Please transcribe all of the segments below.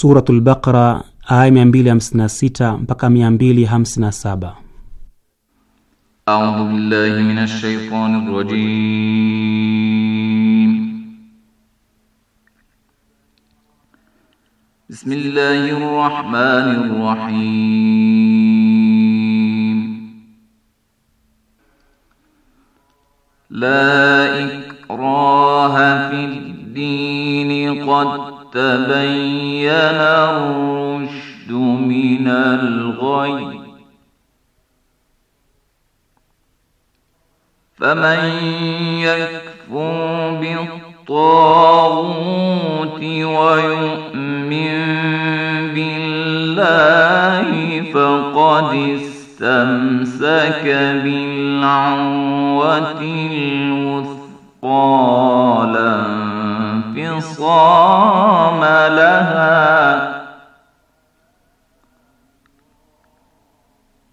Suratul Baqara aya 256 mpaka 257. A'udhu billahi minash shaitanir rajim. Bismillahir rahmanir rahim الغي فمن يكفر بالطاغوت ويؤمن بالله فقد استمسك بالعروة الوثقى لا انفصام لها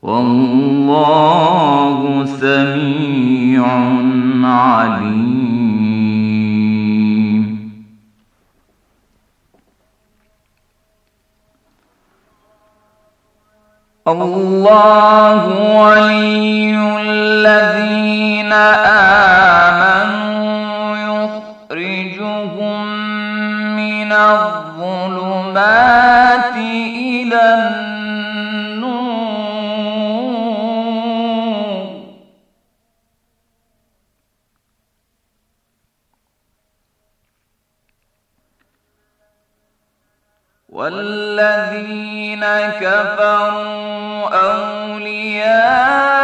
والله سميع عليم الله ولي الذين آمنوا يخرجهم من الظلمات إلى النار والذين كفروا أولياء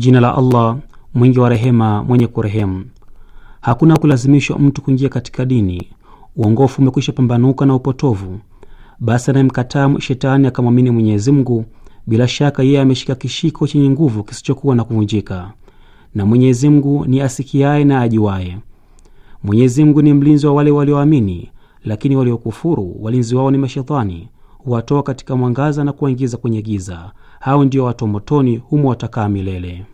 jina la Allah mwingi wa rehema, mwenye kurehemu. Hakuna kulazimishwa mtu kuingia katika dini. Uongofu umekwisha pambanuka na upotovu. Basi anayemkataa shetani akamwamini Mwenyezi Mungu, bila shaka yeye ameshika kishiko chenye nguvu kisichokuwa na kuvunjika, na Mwenyezi Mungu ni asikiaye na ajuaye. Mwenyezi Mungu ni mlinzi wa wale walioamini, lakini waliokufuru walinzi wao ni mashetani huwatoa katika mwangaza na kuwaingiza kwenye giza. Hao ndio watu motoni, humo watakaa milele.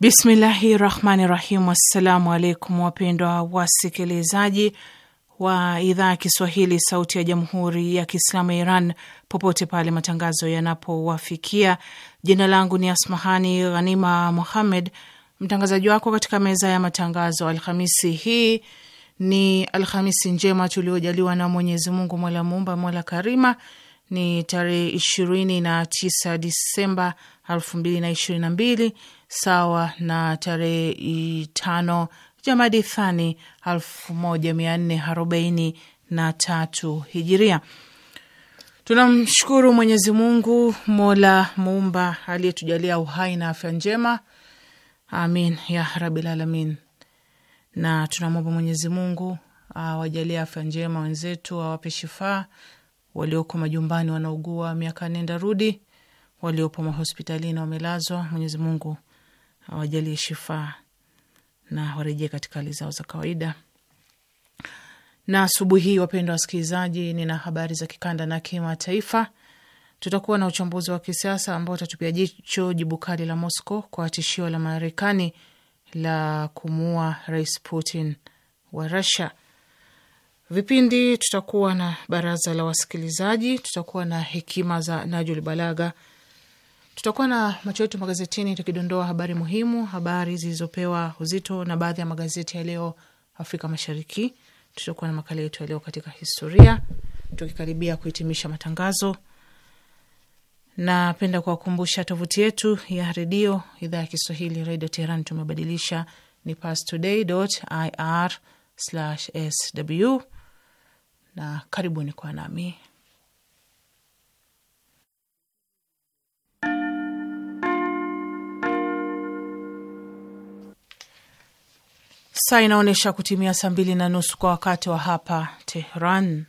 Bismillahi rahmani rahim. Assalamu alaikum wapendwa wasikilizaji wa idhaa ya Kiswahili sauti ya jamhuri ya Kiislamu ya Iran popote pale matangazo yanapowafikia. Jina langu ni Asmahani Ghanima Muhammed, mtangazaji wako katika meza ya matangazo. Alhamisi hii ni Alhamisi njema tuliojaliwa na Mwenyezi Mungu, Mola Muumba, Mola Karima ni tarehe ishirini na tisa Disemba elfu mbili na ishirini na mbili sawa na tarehe tano Jamadi Thani elfu moja mia nne arobaini na tatu hijiria. Tunamshukuru Mwenyezi Mungu mola muumba aliyetujalia uhai na afya njema, amin ya rabil alamin. Na tunamwomba Mwenyezi Mungu awajalie afya njema wenzetu, awape shifaa walioko majumbani wanaugua miaka nenda rudi, waliopo mahospitalini wamelazwa. Mwenyezi Mungu awajalie shifaa na warejee katika hali zao za kawaida. Na asubuhi hii, wapendwa wasikilizaji, nina habari za kikanda na kimataifa. Tutakuwa na uchambuzi wa kisiasa ambao utatupia jicho jibu kali la Moscow kwa tishio la Marekani la kumuua Rais Putin wa Russia vipindi, tutakuwa na baraza la wasikilizaji, tutakuwa na hekima za Najul Balaga, tutakuwa na macho yetu magazetini, tukidondoa habari muhimu, habari zilizopewa uzito na baadhi ya magazeti ya leo Afrika Mashariki. Tutakuwa na makala yetu ya leo katika historia, tukikaribia kuhitimisha matangazo. Napenda kuwakumbusha tovuti yetu ya redio idhaa ya Kiswahili redio Teheran tumebadilisha ni pastoday.ir/sw na karibuni kwa nami. Saa inaonyesha kutimia saa mbili na nusu kwa wakati wa hapa Tehran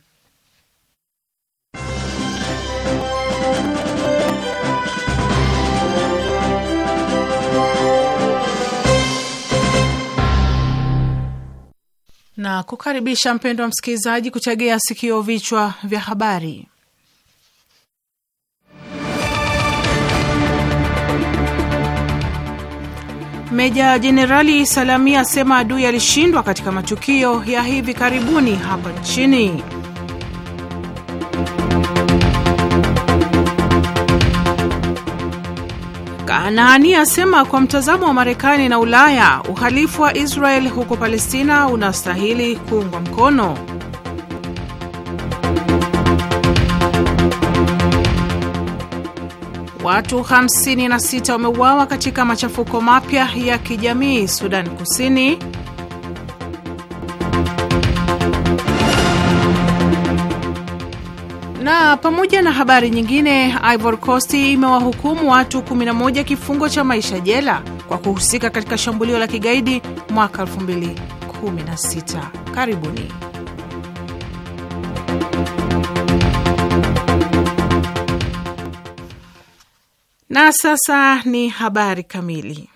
na kukaribisha mpendo wa msikilizaji kutegea sikio vichwa vya habari. Meja Jenerali Salami asema adui alishindwa katika matukio ya hivi karibuni hapa nchini. Kanaani asema kwa mtazamo wa Marekani na Ulaya, uhalifu wa Israel huko Palestina unastahili kuungwa mkono. Watu 56 wameuawa katika machafuko mapya ya kijamii Sudan Kusini. Na pamoja na habari nyingine, Ivory Coast imewahukumu watu 11 kifungo cha maisha jela kwa kuhusika katika shambulio la kigaidi mwaka 2016. Karibuni. Na sasa ni habari kamili.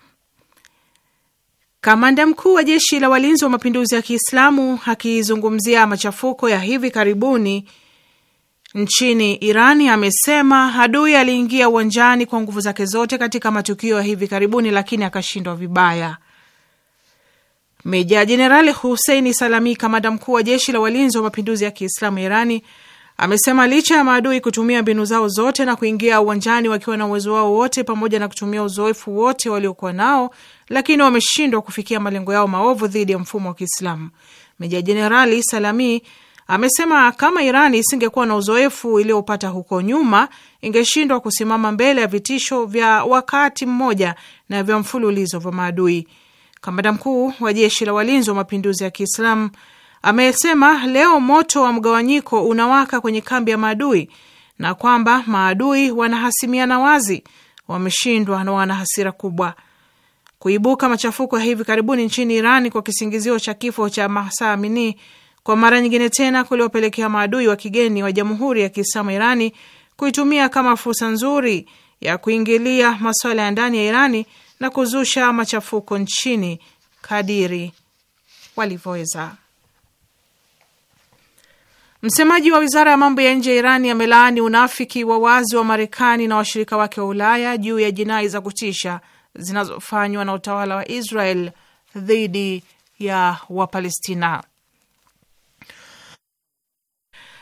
Kamanda mkuu wa jeshi la walinzi wa mapinduzi ya Kiislamu akizungumzia machafuko ya hivi karibuni nchini Irani amesema adui aliingia uwanjani kwa nguvu zake zote katika matukio ya hivi karibuni, lakini akashindwa vibaya. Meja Jenerali Huseini Salami, kamanda mkuu wa jeshi la walinzi wa mapinduzi ya Kiislamu Irani, amesema licha ya maadui kutumia mbinu zao zote na kuingia uwanjani wakiwa na uwezo wao wote pamoja na kutumia uzoefu wote waliokuwa nao, lakini wameshindwa kufikia malengo yao maovu dhidi ya mfumo wa Kiislamu. Meja Jenerali Salami Amesema kama Iran isingekuwa na uzoefu iliyopata huko nyuma, ingeshindwa kusimama mbele ya vitisho vya wakati mmoja na vya mfululizo vya maadui. Kamanda mkuu wa jeshi la walinzi wa mapinduzi ya Kiislamu amesema leo moto wa mgawanyiko unawaka kwenye kambi ya maadui na kwamba maadui wanahasimiana wazi, wameshindwa na wana hasira kubwa. Kuibuka machafuko ya hivi karibuni nchini iran kwa kisingizio cha kifo cha Mahsa Amini kwa mara nyingine tena kuliwapelekea maadui wa kigeni wa Jamhuri ya Kiislamu Irani kuitumia kama fursa nzuri ya kuingilia masuala ya ndani ya Irani na kuzusha machafuko nchini kadiri walivyoweza. Msemaji wa wizara ya mambo ya nje ya Irani amelaani unafiki wa wazi wa Marekani na washirika wake wa Ulaya juu ya jinai za kutisha zinazofanywa na utawala wa Israel dhidi ya Wapalestina.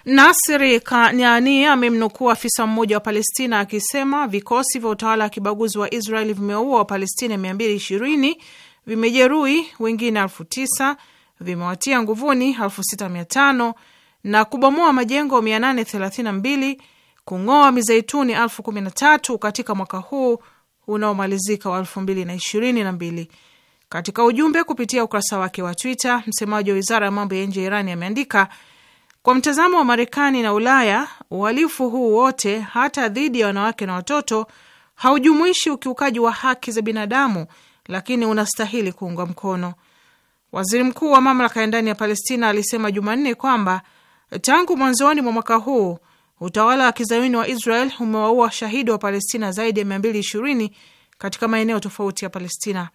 Nasiri Kanyani amemnukuu afisa mmoja wa Palestina akisema vikosi vya utawala wa kibaguzi wa Israeli vimeua Wapalestina 220 vimejeruhi wengine elfu tisa vimewatia nguvuni elfu sita mia tano na kubomoa majengo 832 kung'oa mizeituni elfu kumi na tatu katika mwaka huu unaomalizika wa elfu mbili na ishirini na mbili. Katika ujumbe kupitia ukurasa wake wa Twitter, msemaji wa wizara ya mambo ya nje ya Irani ameandika kwa mtazamo wa Marekani na Ulaya, uhalifu huu wote, hata dhidi ya wanawake na watoto, haujumuishi ukiukaji wa haki za binadamu, lakini unastahili kuungwa mkono. Waziri mkuu wa mamlaka ya ndani ya Palestina alisema Jumanne kwamba tangu mwanzoni mwa mwaka huu utawala wa kizayuni wa Israel umewaua shahidi wa Palestina zaidi ya 220 katika maeneo tofauti ya Palestina.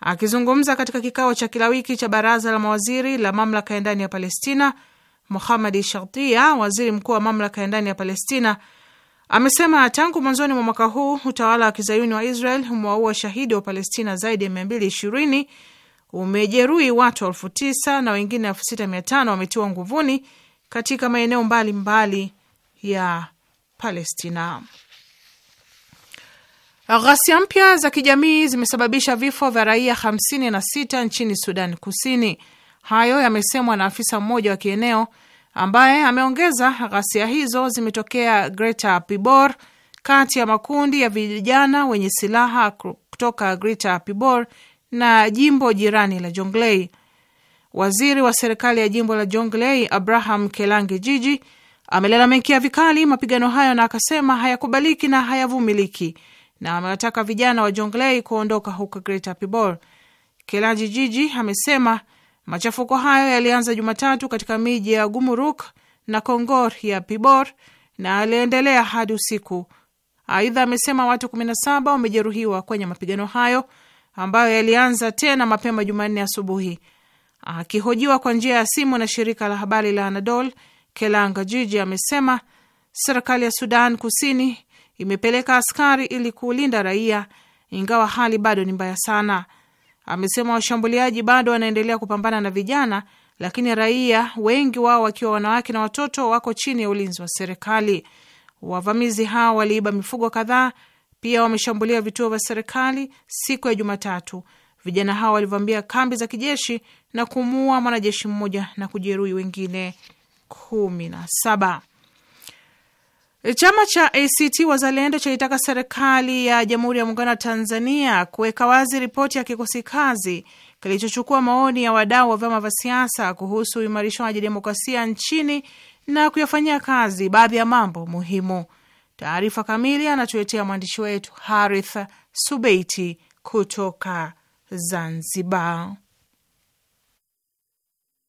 Akizungumza katika kikao cha kila wiki cha baraza la mawaziri la mamlaka ya ndani ya Palestina, Muhamadi Shartia, waziri mkuu wa mamlaka ya ndani ya Palestina, amesema tangu mwanzoni mwa mwaka huu utawala wa kizayuni wa Israel umewaua shahidi wa Palestina zaidi ya 220 umejeruhi watu elfu tisa na wengine elfu sita mia tano wametiwa nguvuni katika maeneo mbalimbali ya Palestina. Ghasia mpya za kijamii zimesababisha vifo vya raia 56 nchini Sudan Kusini. Hayo yamesemwa na afisa mmoja wa kieneo ambaye ameongeza ghasia hizo zimetokea Greta Pibor, kati ya makundi ya vijana wenye silaha kutoka Greta Pibor na jimbo jirani la Jonglei. Waziri wa serikali ya jimbo la Jonglei, Abraham Kelange Jiji, amelalamikia vikali mapigano hayo na akasema hayakubaliki na hayavumiliki, na amewataka vijana wa Jonglei kuondoka huko Greta Pibor. Kelange Jiji amesema Machafuko hayo yalianza Jumatatu katika miji ya Gumuruk na Kongor ya Pibor na aliendelea hadi usiku. Aidha, amesema watu 17 wamejeruhiwa kwenye mapigano hayo ambayo yalianza tena mapema Jumanne asubuhi. Akihojiwa kwa njia ya simu na shirika la habari la Anadol, Kelanga Jiji amesema serikali ya Sudan Kusini imepeleka askari ili kuulinda raia, ingawa hali bado ni mbaya sana amesema washambuliaji bado wanaendelea kupambana na vijana, lakini raia wengi wao wakiwa wanawake na watoto wako chini ya ulinzi wa serikali. Wavamizi hao waliiba mifugo kadhaa, pia wameshambulia vituo vya serikali. Siku ya Jumatatu, vijana hao walivamia kambi za kijeshi na kumuua mwanajeshi mmoja na kujeruhi wengine kumi na saba. E, chama cha ACT Wazalendo chaitaka serikali ya Jamhuri ya Muungano wa Tanzania kuweka wazi ripoti ya kikosi kazi kilichochukua maoni ya wadau wa vyama vya siasa kuhusu uimarishwaji demokrasia nchini na kuyafanyia kazi baadhi ya mambo muhimu. Taarifa kamili anatuletea mwandishi wetu Harith Subeiti kutoka Zanzibar.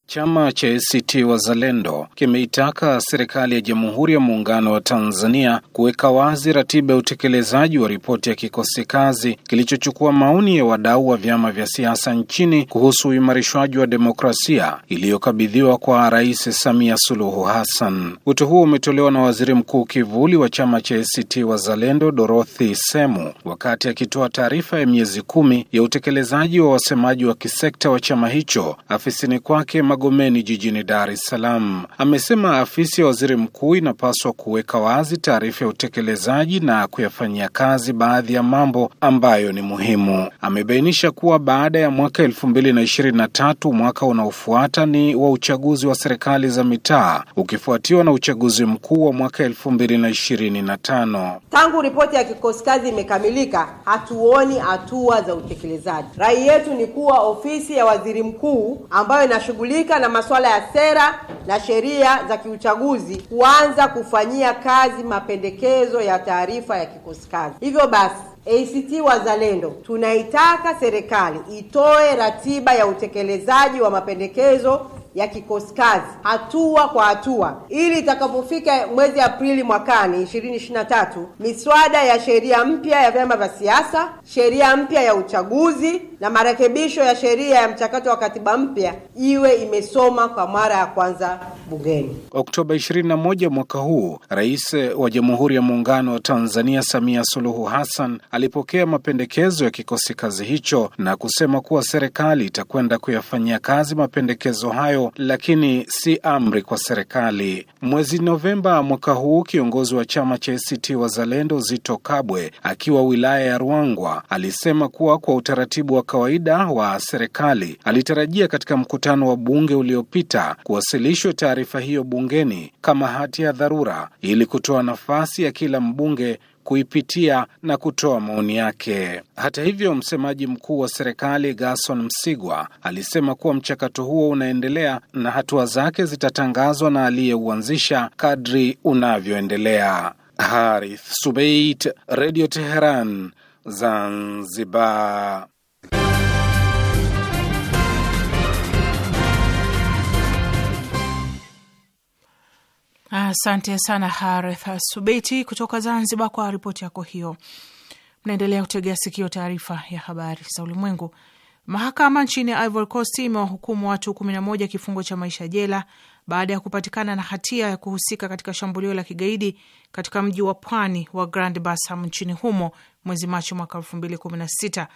Chama cha ACT Wazalendo kimeitaka serikali ya Jamhuri ya Muungano wa Tanzania kuweka wazi ratiba ya utekelezaji wa ripoti ya kikosi kazi kilichochukua maoni ya wadau wa vyama vya siasa nchini kuhusu uimarishwaji wa demokrasia iliyokabidhiwa kwa Rais Samia Suluhu Hassan. Wito huo umetolewa na Waziri Mkuu kivuli wa chama cha ACT Wazalendo Dorothy Semu wakati akitoa taarifa ya miezi kumi ya utekelezaji wa wasemaji wa kisekta wa chama hicho afisini kwake Magomeni jijini Dar es Salaam. Amesema afisi ya waziri mkuu inapaswa kuweka wazi taarifa ya utekelezaji na kuyafanyia kazi baadhi ya mambo ambayo ni muhimu. Amebainisha kuwa baada ya mwaka elfu mbili na ishirini na tatu, mwaka unaofuata ni wa uchaguzi wa serikali za mitaa ukifuatiwa na uchaguzi mkuu wa mwaka elfu mbili na ishirini na tano. Tangu ripoti ya kikosi kazi imekamilika, hatuoni hatua za utekelezaji. Rai yetu ni kuwa ofisi ya waziri mkuu ambayo inashughulika zinazoshughulika na masuala ya sera na sheria za kiuchaguzi kuanza kufanyia kazi mapendekezo ya taarifa ya kikosi kazi. Hivyo basi ACT Wazalendo tunaitaka serikali itoe ratiba ya utekelezaji wa mapendekezo ya kikosi kazi hatua kwa hatua, ili itakapofika mwezi Aprili mwakani 2023 miswada ya sheria mpya ya vyama vya siasa, sheria mpya ya uchaguzi na marekebisho ya sheria ya mchakato wa katiba mpya iwe imesoma kwa mara ya kwanza bungeni. Oktoba 21 mwaka huu, Rais wa Jamhuri ya Muungano wa Tanzania Samia Suluhu Hassan alipokea mapendekezo ya kikosi kazi hicho na kusema kuwa serikali itakwenda kuyafanyia kazi mapendekezo hayo lakini si amri kwa serikali. Mwezi Novemba mwaka huu, kiongozi wa chama cha ACT Wazalendo Zito Kabwe akiwa wilaya ya Ruangwa alisema kuwa kwa utaratibu wa kawaida wa serikali alitarajia katika mkutano wa bunge uliopita kuwasilishwa taarifa hiyo bungeni kama hati ya dharura ili kutoa nafasi ya kila mbunge kuipitia na kutoa maoni yake. Hata hivyo, msemaji mkuu wa serikali gason Msigwa alisema kuwa mchakato huo unaendelea na hatua zake zitatangazwa na aliyeuanzisha kadri unavyoendelea. Harith Subeit, Radio Teheran, Zanzibar. Asante sana Harith Subeti kutoka Zanzibar kwa ripoti yako hiyo. Mnaendelea kutegea sikio taarifa ya habari za ulimwengu. Mahakama nchini Ivory Coast imewahukumu watu moja kifungo cha maisha jela baada ya kupatikana na hatia ya kuhusika katika shambulio la kigaidi katika mji wa pwani wa Grand Bassam nchini humo mwezi Machi mwaka sita.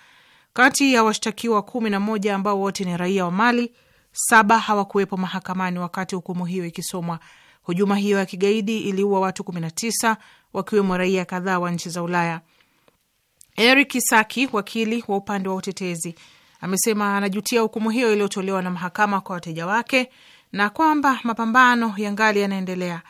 Kati ya washtakiwa moja ambao wote ni raia wa Mali, saba hawakuwepo mahakamani wakati hukumu hiyo ikisomwa Hujuma hiyo ya kigaidi iliua watu 19 wakiwemo raia kadhaa wa nchi za Ulaya. Eric Saki, wakili wa upande wa utetezi, amesema anajutia hukumu hiyo iliyotolewa na mahakama kwa wateja wake na kwamba mapambano yangali yanaendelea.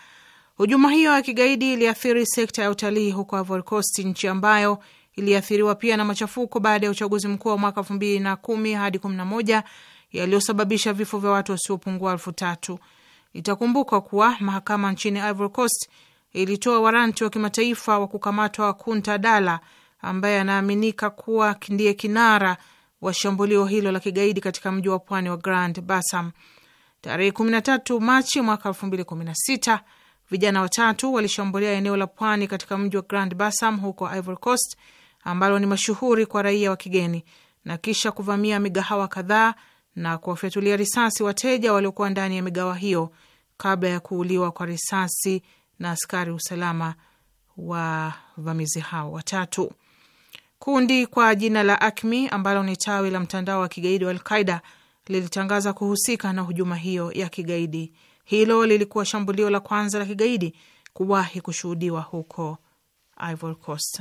Hujuma hiyo ya kigaidi iliathiri sekta ya utalii huko Ivory Coast, nchi ambayo iliathiriwa pia na machafuko baada ya uchaguzi mkuu wa mwaka elfu mbili na kumi hadi kumi na moja yaliyosababisha vifo vya watu wasiopungua elfu tatu. Itakumbukwa kuwa mahakama nchini Ivory Coast ilitoa waranti wa kimataifa wa kukamatwa Kunta Dala ambaye anaaminika kuwa ndiye kinara wa shambulio hilo la kigaidi katika mji wa pwani wa Grand Bassam. Tarehe 13 Machi mwaka 2016 vijana watatu walishambulia eneo la pwani katika mji wa Grand Bassam huko Ivory Coast ambalo ni mashuhuri kwa raia wa kigeni na kisha kuvamia migahawa kadhaa na kuwafyatulia risasi wateja waliokuwa ndani ya migawa hiyo kabla ya kuuliwa kwa risasi na askari usalama wa vamizi hao watatu. Kundi kwa jina la Akmi ambalo ni tawi la mtandao wa kigaidi wa Alqaida lilitangaza kuhusika na hujuma hiyo ya kigaidi. Hilo lilikuwa shambulio la kwanza la kigaidi kuwahi kushuhudiwa huko Ivory Coast.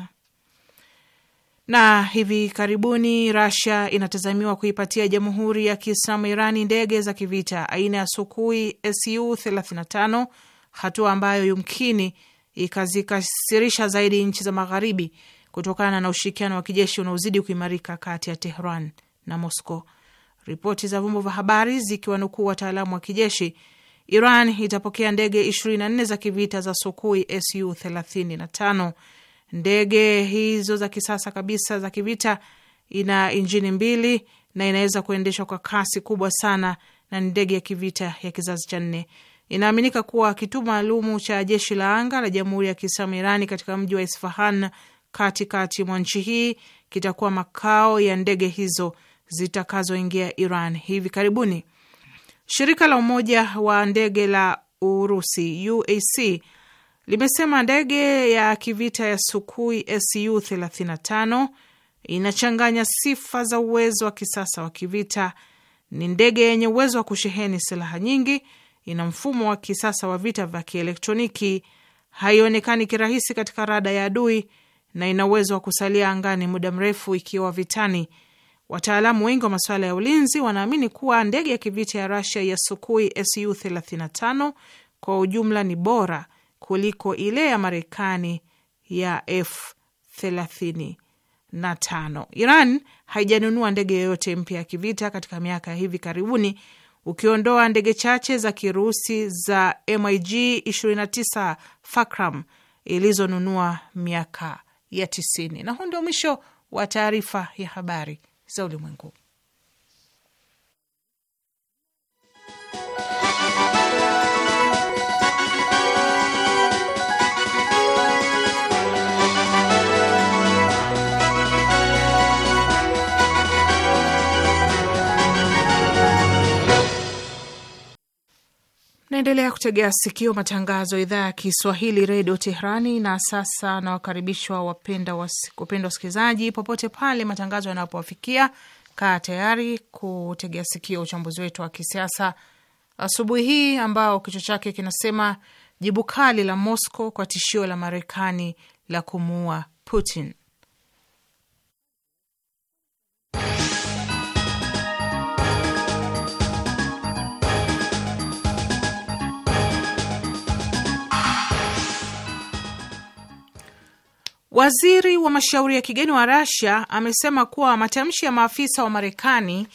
Na hivi karibuni Rasia inatazamiwa kuipatia jamhuri ya Kiislamu Irani ndege za kivita aina ya Sukui su 35, hatua ambayo yumkini ikazikasirisha zaidi nchi za Magharibi kutokana na ushirikiano wa kijeshi unaozidi kuimarika kati ya Tehran na Moscow. Ripoti za vyombo vya habari zikiwanukuu wataalamu wa kijeshi, Iran itapokea ndege 24 za kivita za Sukui su 35 Ndege hizo za kisasa kabisa za kivita ina injini mbili na inaweza kuendeshwa kwa kasi kubwa sana, na ni ndege ya kivita ya kizazi cha nne. Inaaminika kuwa kituo maalumu cha jeshi la anga la Jamhuri ya Kiislamu Irani katika mji wa Isfahan katikati mwa nchi hii kitakuwa makao ya ndege hizo zitakazoingia Iran hivi karibuni. Shirika la Umoja wa Ndege la Urusi UAC limesema ndege ya kivita ya Sukui SU 35 inachanganya sifa za uwezo wa kisasa wa kivita. Ni ndege yenye uwezo wa kusheheni silaha nyingi, ina mfumo wa kisasa wa vita vya kielektroniki, haionekani kirahisi katika rada ya adui na ina uwezo wa kusalia angani muda mrefu ikiwa vitani. Wataalamu wengi wa masuala ya ulinzi wanaamini kuwa ndege ya kivita ya Russia ya Sukui SU 35 kwa ujumla ni bora kuliko ile ya Marekani ya F 35. Iran haijanunua ndege yoyote mpya ya kivita katika miaka ya hivi karibuni, ukiondoa ndege chache za Kirusi za MiG 29 Fakram ilizonunua miaka ya 90. Na huu ndio mwisho wa taarifa ya habari za ulimwengu. Naendelea kutegea sikio matangazo ya idhaa ya Kiswahili redio Teherani. Na sasa nawakaribishwa wapenda wasikilizaji, popote pale matangazo yanapowafikia, kaa tayari kutegea sikio uchambuzi wetu wa kisiasa asubuhi hii ambao kichwa chake kinasema jibu kali la Moscow kwa tishio la Marekani la kumuua Putin. Waziri wa mashauri ya kigeni wa Rasia amesema kuwa matamshi ya maafisa wa Marekani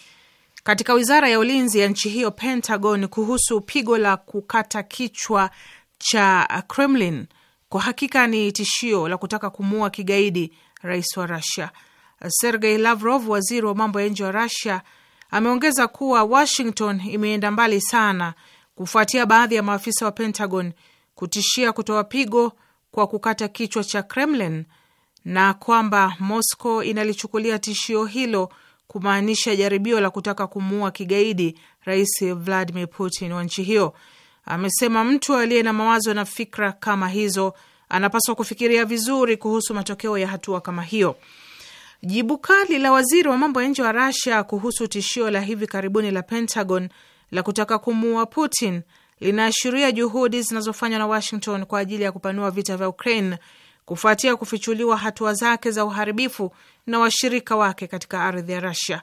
katika wizara ya ulinzi ya nchi hiyo Pentagon kuhusu pigo la kukata kichwa cha Kremlin kwa hakika ni tishio la kutaka kumuua kigaidi rais wa Rasia. Sergei Lavrov, waziri wa mambo ya nje wa Rasia, ameongeza kuwa Washington imeenda mbali sana kufuatia baadhi ya maafisa wa Pentagon kutishia kutoa pigo kwa kukata kichwa cha Kremlin na kwamba Moscow inalichukulia tishio hilo kumaanisha jaribio la kutaka kumuua kigaidi Rais Vladimir Putin wa nchi hiyo. Amesema mtu aliye na mawazo na fikra kama hizo anapaswa kufikiria vizuri kuhusu matokeo ya hatua kama hiyo. Jibu kali la waziri wa mambo ya nje wa rasia kuhusu tishio la hivi karibuni la Pentagon la kutaka kumuua Putin linaashiria juhudi zinazofanywa na Washington kwa ajili ya kupanua vita vya Ukraine kufuatia kufichuliwa hatua zake za uharibifu na washirika wake katika ardhi ya rusia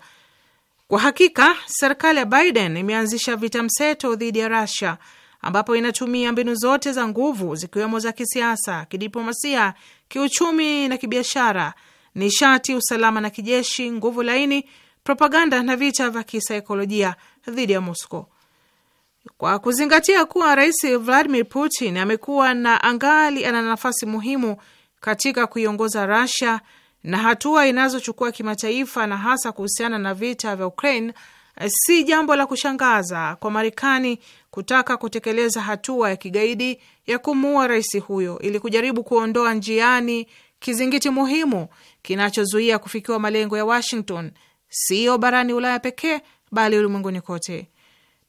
Kwa hakika, serikali ya Biden imeanzisha vita mseto dhidi ya rusia ambapo inatumia mbinu zote za nguvu zikiwemo za kisiasa, kidiplomasia, kiuchumi na kibiashara, nishati, usalama na kijeshi, nguvu laini, propaganda na vita vya kisaikolojia dhidi ya Moscow. Kwa kuzingatia kuwa Rais Vladimir Putin amekuwa na angali ana nafasi muhimu katika kuiongoza rasia na hatua inazochukua kimataifa na hasa kuhusiana na vita vya Ukraine, eh, si jambo la kushangaza kwa Marekani kutaka kutekeleza hatua ya kigaidi ya kumuua rais huyo ili kujaribu kuondoa njiani kizingiti muhimu kinachozuia kufikiwa malengo ya Washington, siyo barani Ulaya pekee bali ulimwenguni kote.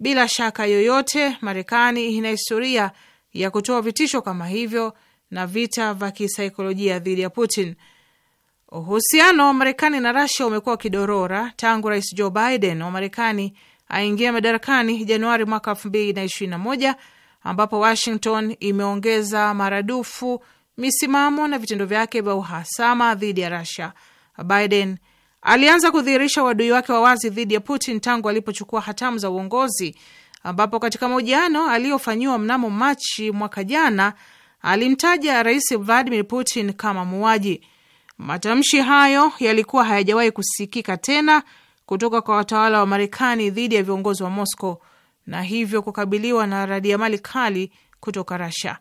Bila shaka yoyote, Marekani ina historia ya kutoa vitisho kama hivyo na vita vya kisaikolojia dhidi ya Putin. Uhusiano wa Marekani na Rasia umekuwa ukidorora tangu Rais Joe Biden wa Marekani aingia madarakani Januari mwaka elfu mbili na ishirini na moja ambapo Washington imeongeza maradufu misimamo na vitendo vyake vya uhasama dhidi ya Rasia. Biden Alianza kudhihirisha uadui wake wa wazi dhidi ya Putin tangu alipochukua hatamu za uongozi, ambapo katika mahojiano aliyofanyiwa mnamo Machi mwaka jana alimtaja Rais Vladimir Putin kama muuaji. Matamshi hayo yalikuwa hayajawahi kusikika tena kutoka kwa watawala wa Marekani dhidi ya viongozi wa Moscow na hivyo kukabiliwa na radiamali kali kutoka Russia.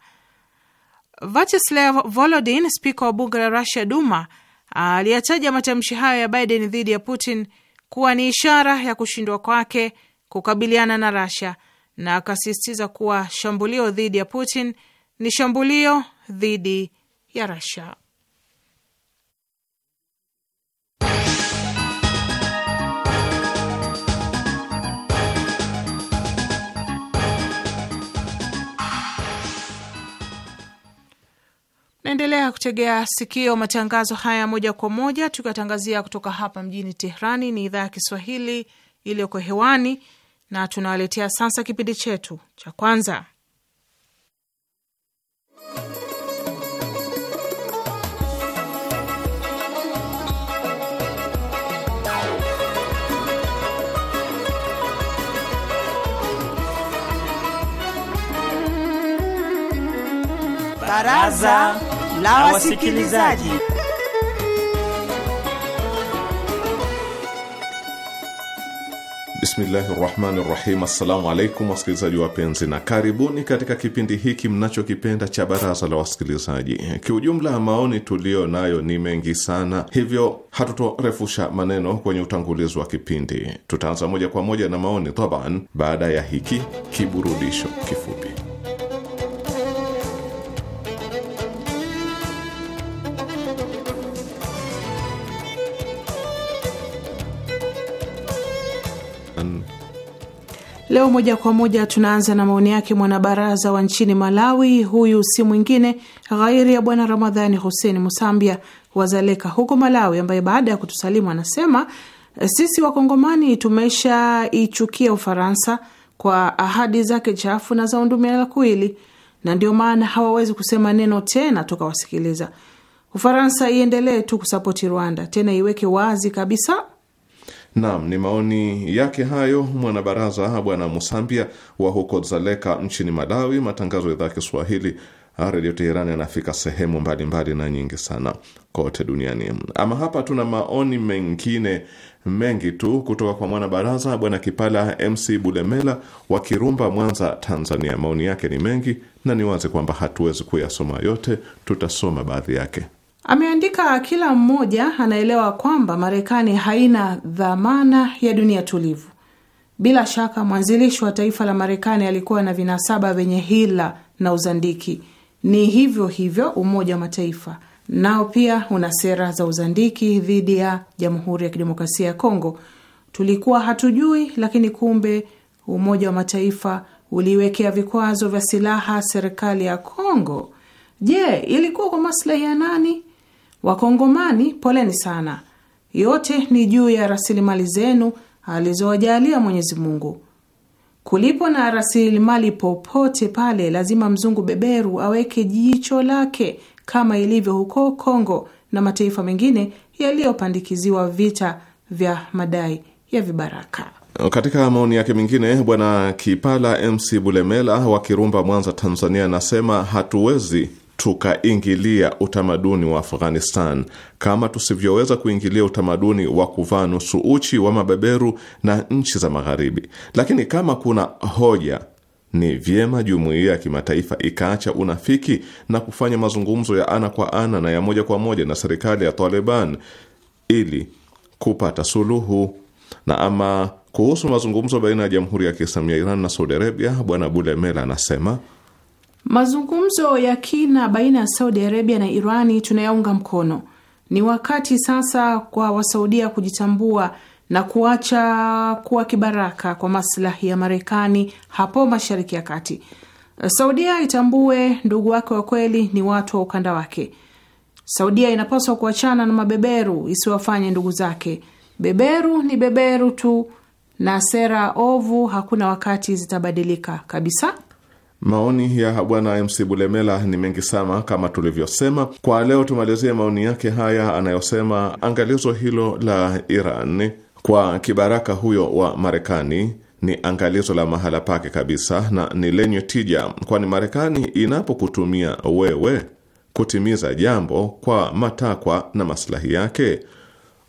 Vacheslav Volodin, spika wa bunge la Russia Duma, Aliyataja matamshi hayo ya Biden dhidi ya Putin kuwa ni ishara ya kushindwa kwake kukabiliana na Russia na akasisitiza kuwa shambulio dhidi ya Putin ni shambulio dhidi ya Russia. endelea kutegea sikio matangazo haya moja kwa moja tukiwatangazia kutoka hapa mjini Tehrani. Ni idhaa ya Kiswahili iliyoko hewani, na tunawaletea sasa kipindi chetu cha kwanza, Baraza la wasikilizaji. Bismillahi rahmani rahim. Assalamu alaikum wasikilizaji wapenzi, na karibuni katika kipindi hiki mnachokipenda cha baraza la wasikilizaji. Kiujumla, maoni tuliyo nayo ni mengi sana, hivyo hatutorefusha maneno kwenye utangulizi wa kipindi. Tutaanza moja kwa moja na maoni taban, baada ya hiki kiburudisho kifupi. Leo moja kwa moja tunaanza na maoni yake mwanabaraza wa nchini Malawi. Huyu si mwingine ghairi ya bwana Ramadhani Hussein Musambia Wazaleka huko Malawi, ambaye baada ya kutusalimu anasema sisi Wakongomani tumeshaichukia Ufaransa kwa ahadi zake chafu na za kuili, na ndio maana hawawezi kusema neno tena tukawasikiliza. Ufaransa iendelee tu kusapoti Rwanda, tena iweke wazi kabisa Naam, ni maoni yake hayo mwanabaraza Bwana Musambia wa huko Zaleka nchini Malawi. Matangazo ya idhaa ya Kiswahili ah, Redio Teheran yanafika sehemu mbalimbali mbali na nyingi sana kote duniani. Ama hapa tuna maoni mengine mengi tu kutoka kwa mwanabaraza Bwana Kipala MC Bulemela wa Kirumba, Mwanza, Tanzania. Maoni yake ni mengi na ni wazi kwamba hatuwezi kuyasoma yote, tutasoma baadhi yake. Ameandika kila mmoja anaelewa kwamba Marekani haina dhamana ya dunia tulivu. Bila shaka mwanzilishi wa taifa la Marekani alikuwa na vinasaba vyenye hila na uzandiki. Ni hivyo hivyo Umoja wa Mataifa nao pia una sera za uzandiki dhidi ya Jamhuri ya Kidemokrasia ya Kongo. Tulikuwa hatujui, lakini kumbe Umoja wa Mataifa uliwekea vikwazo vya silaha serikali ya Kongo. Je, ilikuwa kwa maslahi ya nani? Wakongomani, poleni sana. Yote ni juu ya rasilimali zenu alizowajalia Mwenyezi Mungu. Kulipo na rasilimali popote pale, lazima mzungu beberu aweke jicho lake, kama ilivyo huko Kongo na mataifa mengine yaliyopandikiziwa vita vya madai ya vibaraka. Katika maoni yake mengine, Bwana Kipala MC Bulemela wa Kirumba, Mwanza, Tanzania, anasema hatuwezi tukaingilia utamaduni wa Afghanistan kama tusivyoweza kuingilia utamaduni wa kuvaa nusu uchi wa mabeberu na nchi za Magharibi. Lakini kama kuna hoja, ni vyema jumuiya ya kimataifa ikaacha unafiki na kufanya mazungumzo ya ana kwa ana na ya moja kwa moja na serikali ya Taliban ili kupata suluhu. Na ama kuhusu mazungumzo baina ya Jamhuri ya Kiislamu ya Iran na Saudi Arabia, Bwana Bulemela anasema Mazungumzo ya kina baina ya Saudi Arabia na Irani tunayaunga mkono. Ni wakati sasa kwa wasaudia kujitambua na kuacha kuwa kibaraka kwa maslahi ya Marekani hapo Mashariki ya Kati. Saudia itambue ndugu wake wa kweli ni watu wa ukanda wake. Saudia inapaswa kuachana na mabeberu, isiwafanye ndugu zake. Beberu ni beberu tu, na sera ovu hakuna wakati zitabadilika kabisa. Maoni ya bwana MC Bulemela ni mengi sana, kama tulivyosema. Kwa leo tumalizie maoni yake haya anayosema angalizo hilo la Iran kwa kibaraka huyo wa Marekani ni angalizo la mahala pake kabisa na ni lenye tija, kwani Marekani inapokutumia wewe kutimiza jambo kwa matakwa na maslahi yake,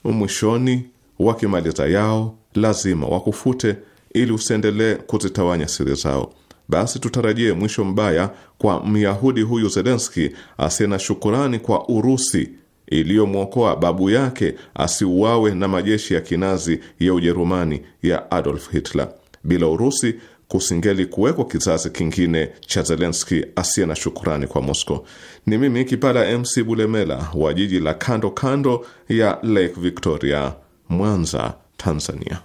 mwishoni wakimaliza yao lazima wakufute, ili usiendelee kuzitawanya siri zao basi tutarajie mwisho mbaya kwa Myahudi huyu Zelenski asiye na shukurani kwa Urusi iliyomwokoa babu yake asiuawe na majeshi ya kinazi ya Ujerumani ya Adolf Hitler. Bila Urusi kusingeli kuwekwa kizazi kingine cha Zelenski asiye na shukurani kwa Moscow. Ni mimi Kipala MC Bulemela wa jiji la kando kando ya Lake Victoria, Mwanza, Tanzania.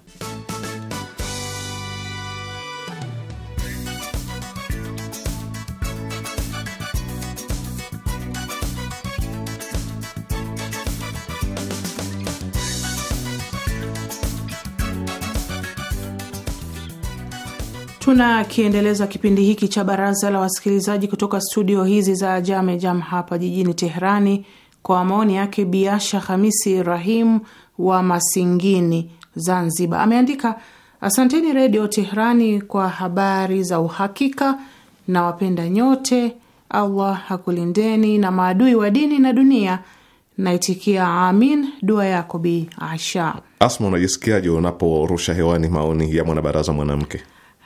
Tunakiendeleza kipindi hiki cha baraza la wasikilizaji kutoka studio hizi za Jame Jam hapa jijini Teherani, kwa maoni yake Biasha Hamisi Rahim wa Masingini, Zanzibar, ameandika asanteni Redio Teherani kwa habari za uhakika na wapenda nyote, Allah hakulindeni na maadui wa dini na dunia. Naitikia amin, dua yako Bi Asha. Asma, unajisikiaje unaporusha hewani maoni ya mwanabaraza mwanamke?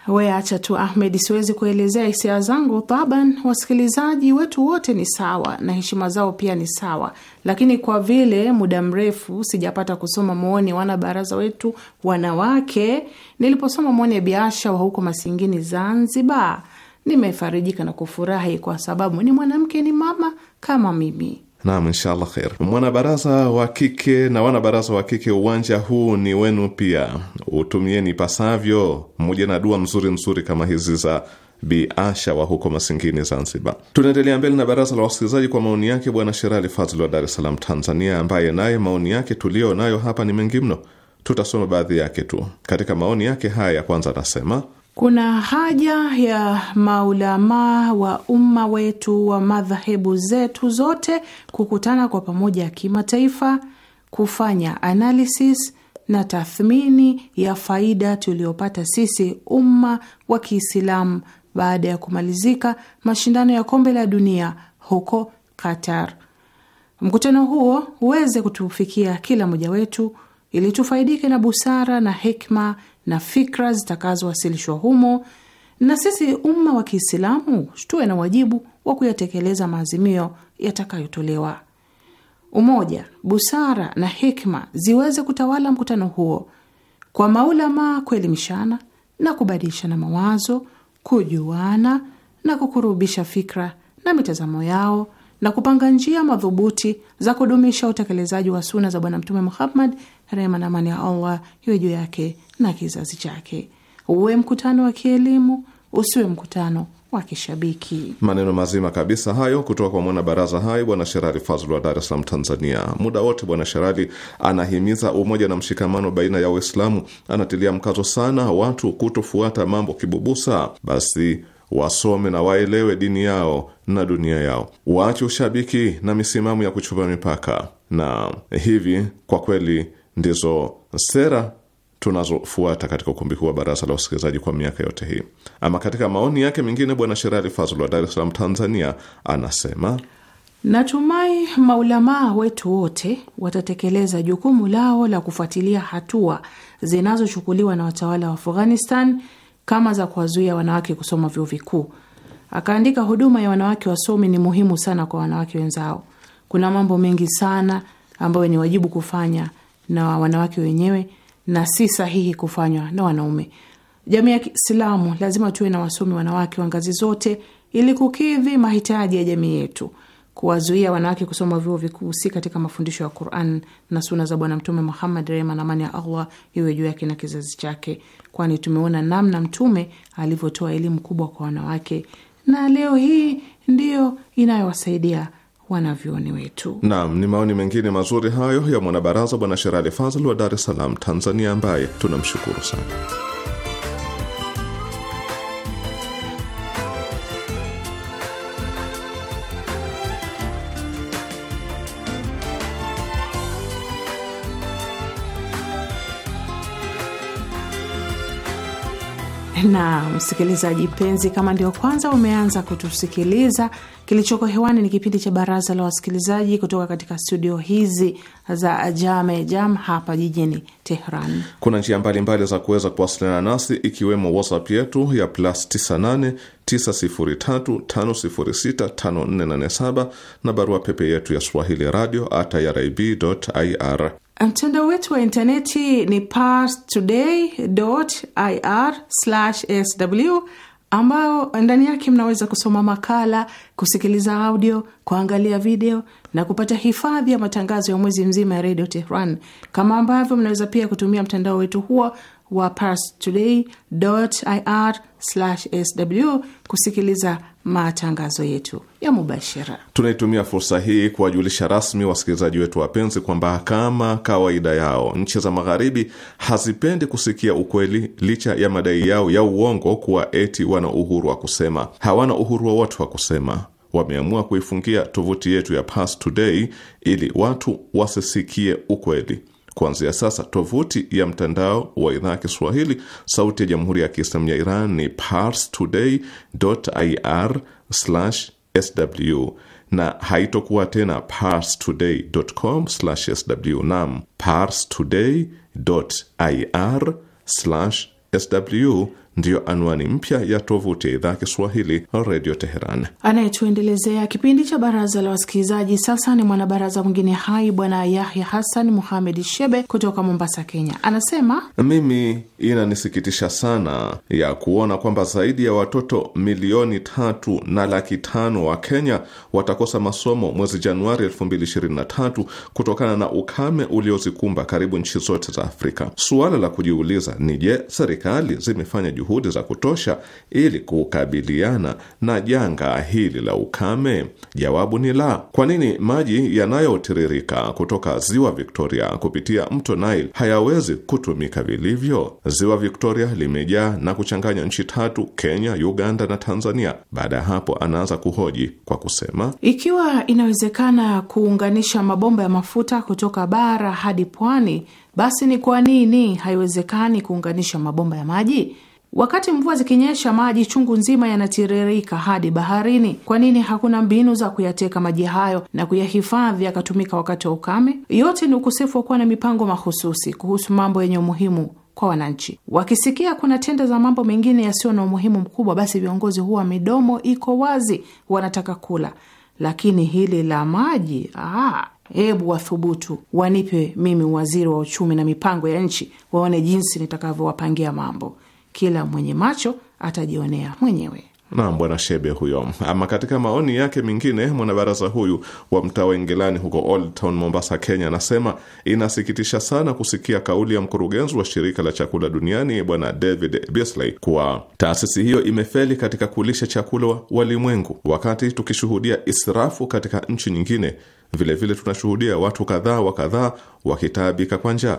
We acha tu Ahmed, siwezi kuelezea hisia zangu taban. Wasikilizaji wetu wote ni sawa na heshima zao pia ni sawa, lakini kwa vile muda mrefu sijapata kusoma maoni wana baraza wetu wanawake, niliposoma maoni ya Biasha wa huko Masingini, Zanzibar, nimefarijika na kufurahi kwa sababu ni mwanamke, ni mama kama mimi. Naam, inshallah khair. Mwanabaraza wa kike na wanabaraza wa kike, uwanja huu ni wenu pia, utumieni pasavyo, mmoja na dua nzuri nzuri kama hizi za Bi Asha wa huko Masingini, Zanzibar. Tunaendelea mbele na baraza la wasikilizaji kwa maoni yake Bwana Sherali Fadhili wa Dar es Salaam, Tanzania, ambaye naye maoni yake tuliyo nayo hapa ni mengi mno. Tutasoma baadhi yake tu. Katika maoni yake haya ya kwanza anasema kuna haja ya maulamaa wa umma wetu wa madhahebu zetu zote kukutana kwa pamoja kimataifa, kufanya analysis na tathmini ya faida tuliyopata sisi umma wa Kiislamu baada ya kumalizika mashindano ya kombe la dunia huko Qatar. Mkutano huo uweze kutufikia kila mmoja wetu ili tufaidike na busara na hikma na fikra zitakazowasilishwa humo, na sisi umma wa Kiislamu tuwe na wajibu wa kuyatekeleza maazimio yatakayotolewa. Umoja, busara na hikma ziweze kutawala mkutano huo, kwa maulama kuelimishana na kubadilishana mawazo, kujuana na kukurubisha fikra na mitazamo yao na kupanga njia madhubuti za kudumisha utekelezaji wa suna za Bwana Mtume Muhammad, rehma na amani ya Allah iwe juu yake na kizazi chake. Uwe mkutano wa kielimu, usiwe mkutano wa kishabiki. Maneno mazima kabisa hayo kutoka kwa mwana baraza hayo Bwana Sherali Fazl wa Dar es Salaam, Tanzania. Muda wote Bwana Sherali anahimiza umoja na mshikamano baina ya Waislamu, anatilia mkazo sana watu kutofuata mambo kibubusa. Basi wasome na waelewe dini yao na dunia yao, waache ushabiki na misimamo ya kuchupa mipaka. Na hivi kwa kweli ndizo sera tunazofuata katika ukumbi huu wa Baraza la Wasikilizaji kwa miaka yote hii. Ama katika maoni yake mengine, Bwana Sherali Fazl wa Dar es Salaam, Tanzania, anasema Natumai maulamaa wetu wote watatekeleza jukumu lao la kufuatilia hatua zinazochukuliwa na watawala wa Afghanistan kama za kuwazuia wanawake kusoma vyuo vikuu. Akaandika, huduma ya wanawake wasomi ni muhimu sana kwa wanawake wenzao. Kuna mambo mengi sana ambayo ni wajibu kufanya na wanawake wenyewe na si sahihi kufanywa na wanaume. Jamii ya Kiislamu lazima tuwe na wasomi wanawake wa ngazi zote ili kukidhi mahitaji ya jamii yetu kuwazuia wanawake kusoma vyuo vikuu si katika mafundisho ya Quran na suna za Bwana Mtume Muhammad, rehma na amani ya Allah iwe juu yake na kizazi chake, kwani tumeona namna Mtume alivyotoa elimu kubwa kwa wanawake, na leo hii ndiyo inayowasaidia wanavyoni wetu. Naam, ni maoni mengine mazuri hayo ya mwanabaraza Bwana Sherali Fazl wa Dar es Salaam, Tanzania, ambaye tunamshukuru sana. na msikilizaji penzi, kama ndio kwanza umeanza kutusikiliza, kilichoko hewani ni kipindi cha Baraza la Wasikilizaji kutoka katika studio hizi za Jame Jam hapa jijini Tehran. Kuna njia mbalimbali za kuweza kuwasiliana nasi, ikiwemo WhatsApp yetu ya plus 98 9035065487 na barua pepe yetu ya swahili radio at irib.ir. Mtandao wetu wa intaneti ni parstoday.ir/sw, ambao ndani yake mnaweza kusoma makala, kusikiliza audio, kuangalia video na kupata hifadhi ya matangazo ya mwezi mzima ya redio Tehran, kama ambavyo mnaweza pia kutumia mtandao wetu huo wapastoday.ir/sw kusikiliza matangazo yetu ya mubashira. Tunaitumia fursa hii kuwajulisha rasmi wasikilizaji wetu wapenzi kwamba kama kawaida yao, nchi za magharibi hazipendi kusikia ukweli, licha ya madai yao ya uongo kuwa eti wana uhuru wa kusema. Hawana uhuru wowote wa, wa kusema wameamua kuifungia tovuti yetu ya Pars Today ili watu wasisikie ukweli. Kuanzia sasa tovuti ya mtandao wa idhaa ya Kiswahili sauti ya jamhuri ya Kiislamu ya Iran ni parstoday.ir/sw na haitokuwa tena parstoday.com/sw nam parstoday.ir/sw ndiyo anwani mpya ya tovuti ya idhaa Kiswahili redio Teheran. Anayetuendelezea kipindi cha baraza la wasikilizaji sasa ni mwanabaraza mwingine hai Bwana Yahya Hassan Muhamed Shebe kutoka Mombasa, Kenya. Anasema, mimi inanisikitisha sana ya kuona kwamba zaidi ya watoto milioni tatu na laki tano wa Kenya watakosa masomo mwezi Januari 2023 kutokana na ukame uliozikumba karibu nchi zote za Afrika. Suala la kujiuliza ni je, serikali zimefanya juhudi za kutosha ili kukabiliana na janga hili la ukame? Jawabu ni la. Kwa nini maji yanayotiririka kutoka ziwa Victoria kupitia mto Nile hayawezi kutumika vilivyo? Ziwa Victoria limejaa na kuchanganya nchi tatu, Kenya, Uganda na Tanzania. Baada ya hapo, anaanza kuhoji kwa kusema, ikiwa inawezekana kuunganisha mabomba ya mafuta kutoka bara hadi pwani, basi ni kwa nini haiwezekani kuunganisha mabomba ya maji Wakati mvua zikinyesha, maji chungu nzima yanatiririka hadi baharini. Kwa nini hakuna mbinu za kuyateka maji hayo na kuyahifadhi yakatumika wakati wa ukame? Yote ni ukosefu wa kuwa na mipango mahususi kuhusu mambo yenye umuhimu kwa wananchi. Wakisikia kuna tenda za mambo mengine yasiyo na umuhimu mkubwa, basi viongozi huwa midomo iko wazi, wanataka kula, lakini hili la maji aa, ah, hebu wathubutu, wanipe mimi waziri wa uchumi na mipango ya nchi, waone jinsi nitakavyowapangia mambo. Kila mwenye macho atajionea mwenyewe. Naam, bwana Shebe huyo. Ama katika maoni yake mengine, mwanabaraza huyu wa mtaa wa Ingelani huko Old Town Mombasa, Kenya, anasema inasikitisha sana kusikia kauli ya mkurugenzi wa shirika la chakula duniani bwana David Beasley kuwa taasisi hiyo imefeli katika kulisha chakula walimwengu, wakati tukishuhudia israfu katika nchi nyingine. Vilevile tunashuhudia watu kadhaa wa kadhaa wakitaabika kwa njaa.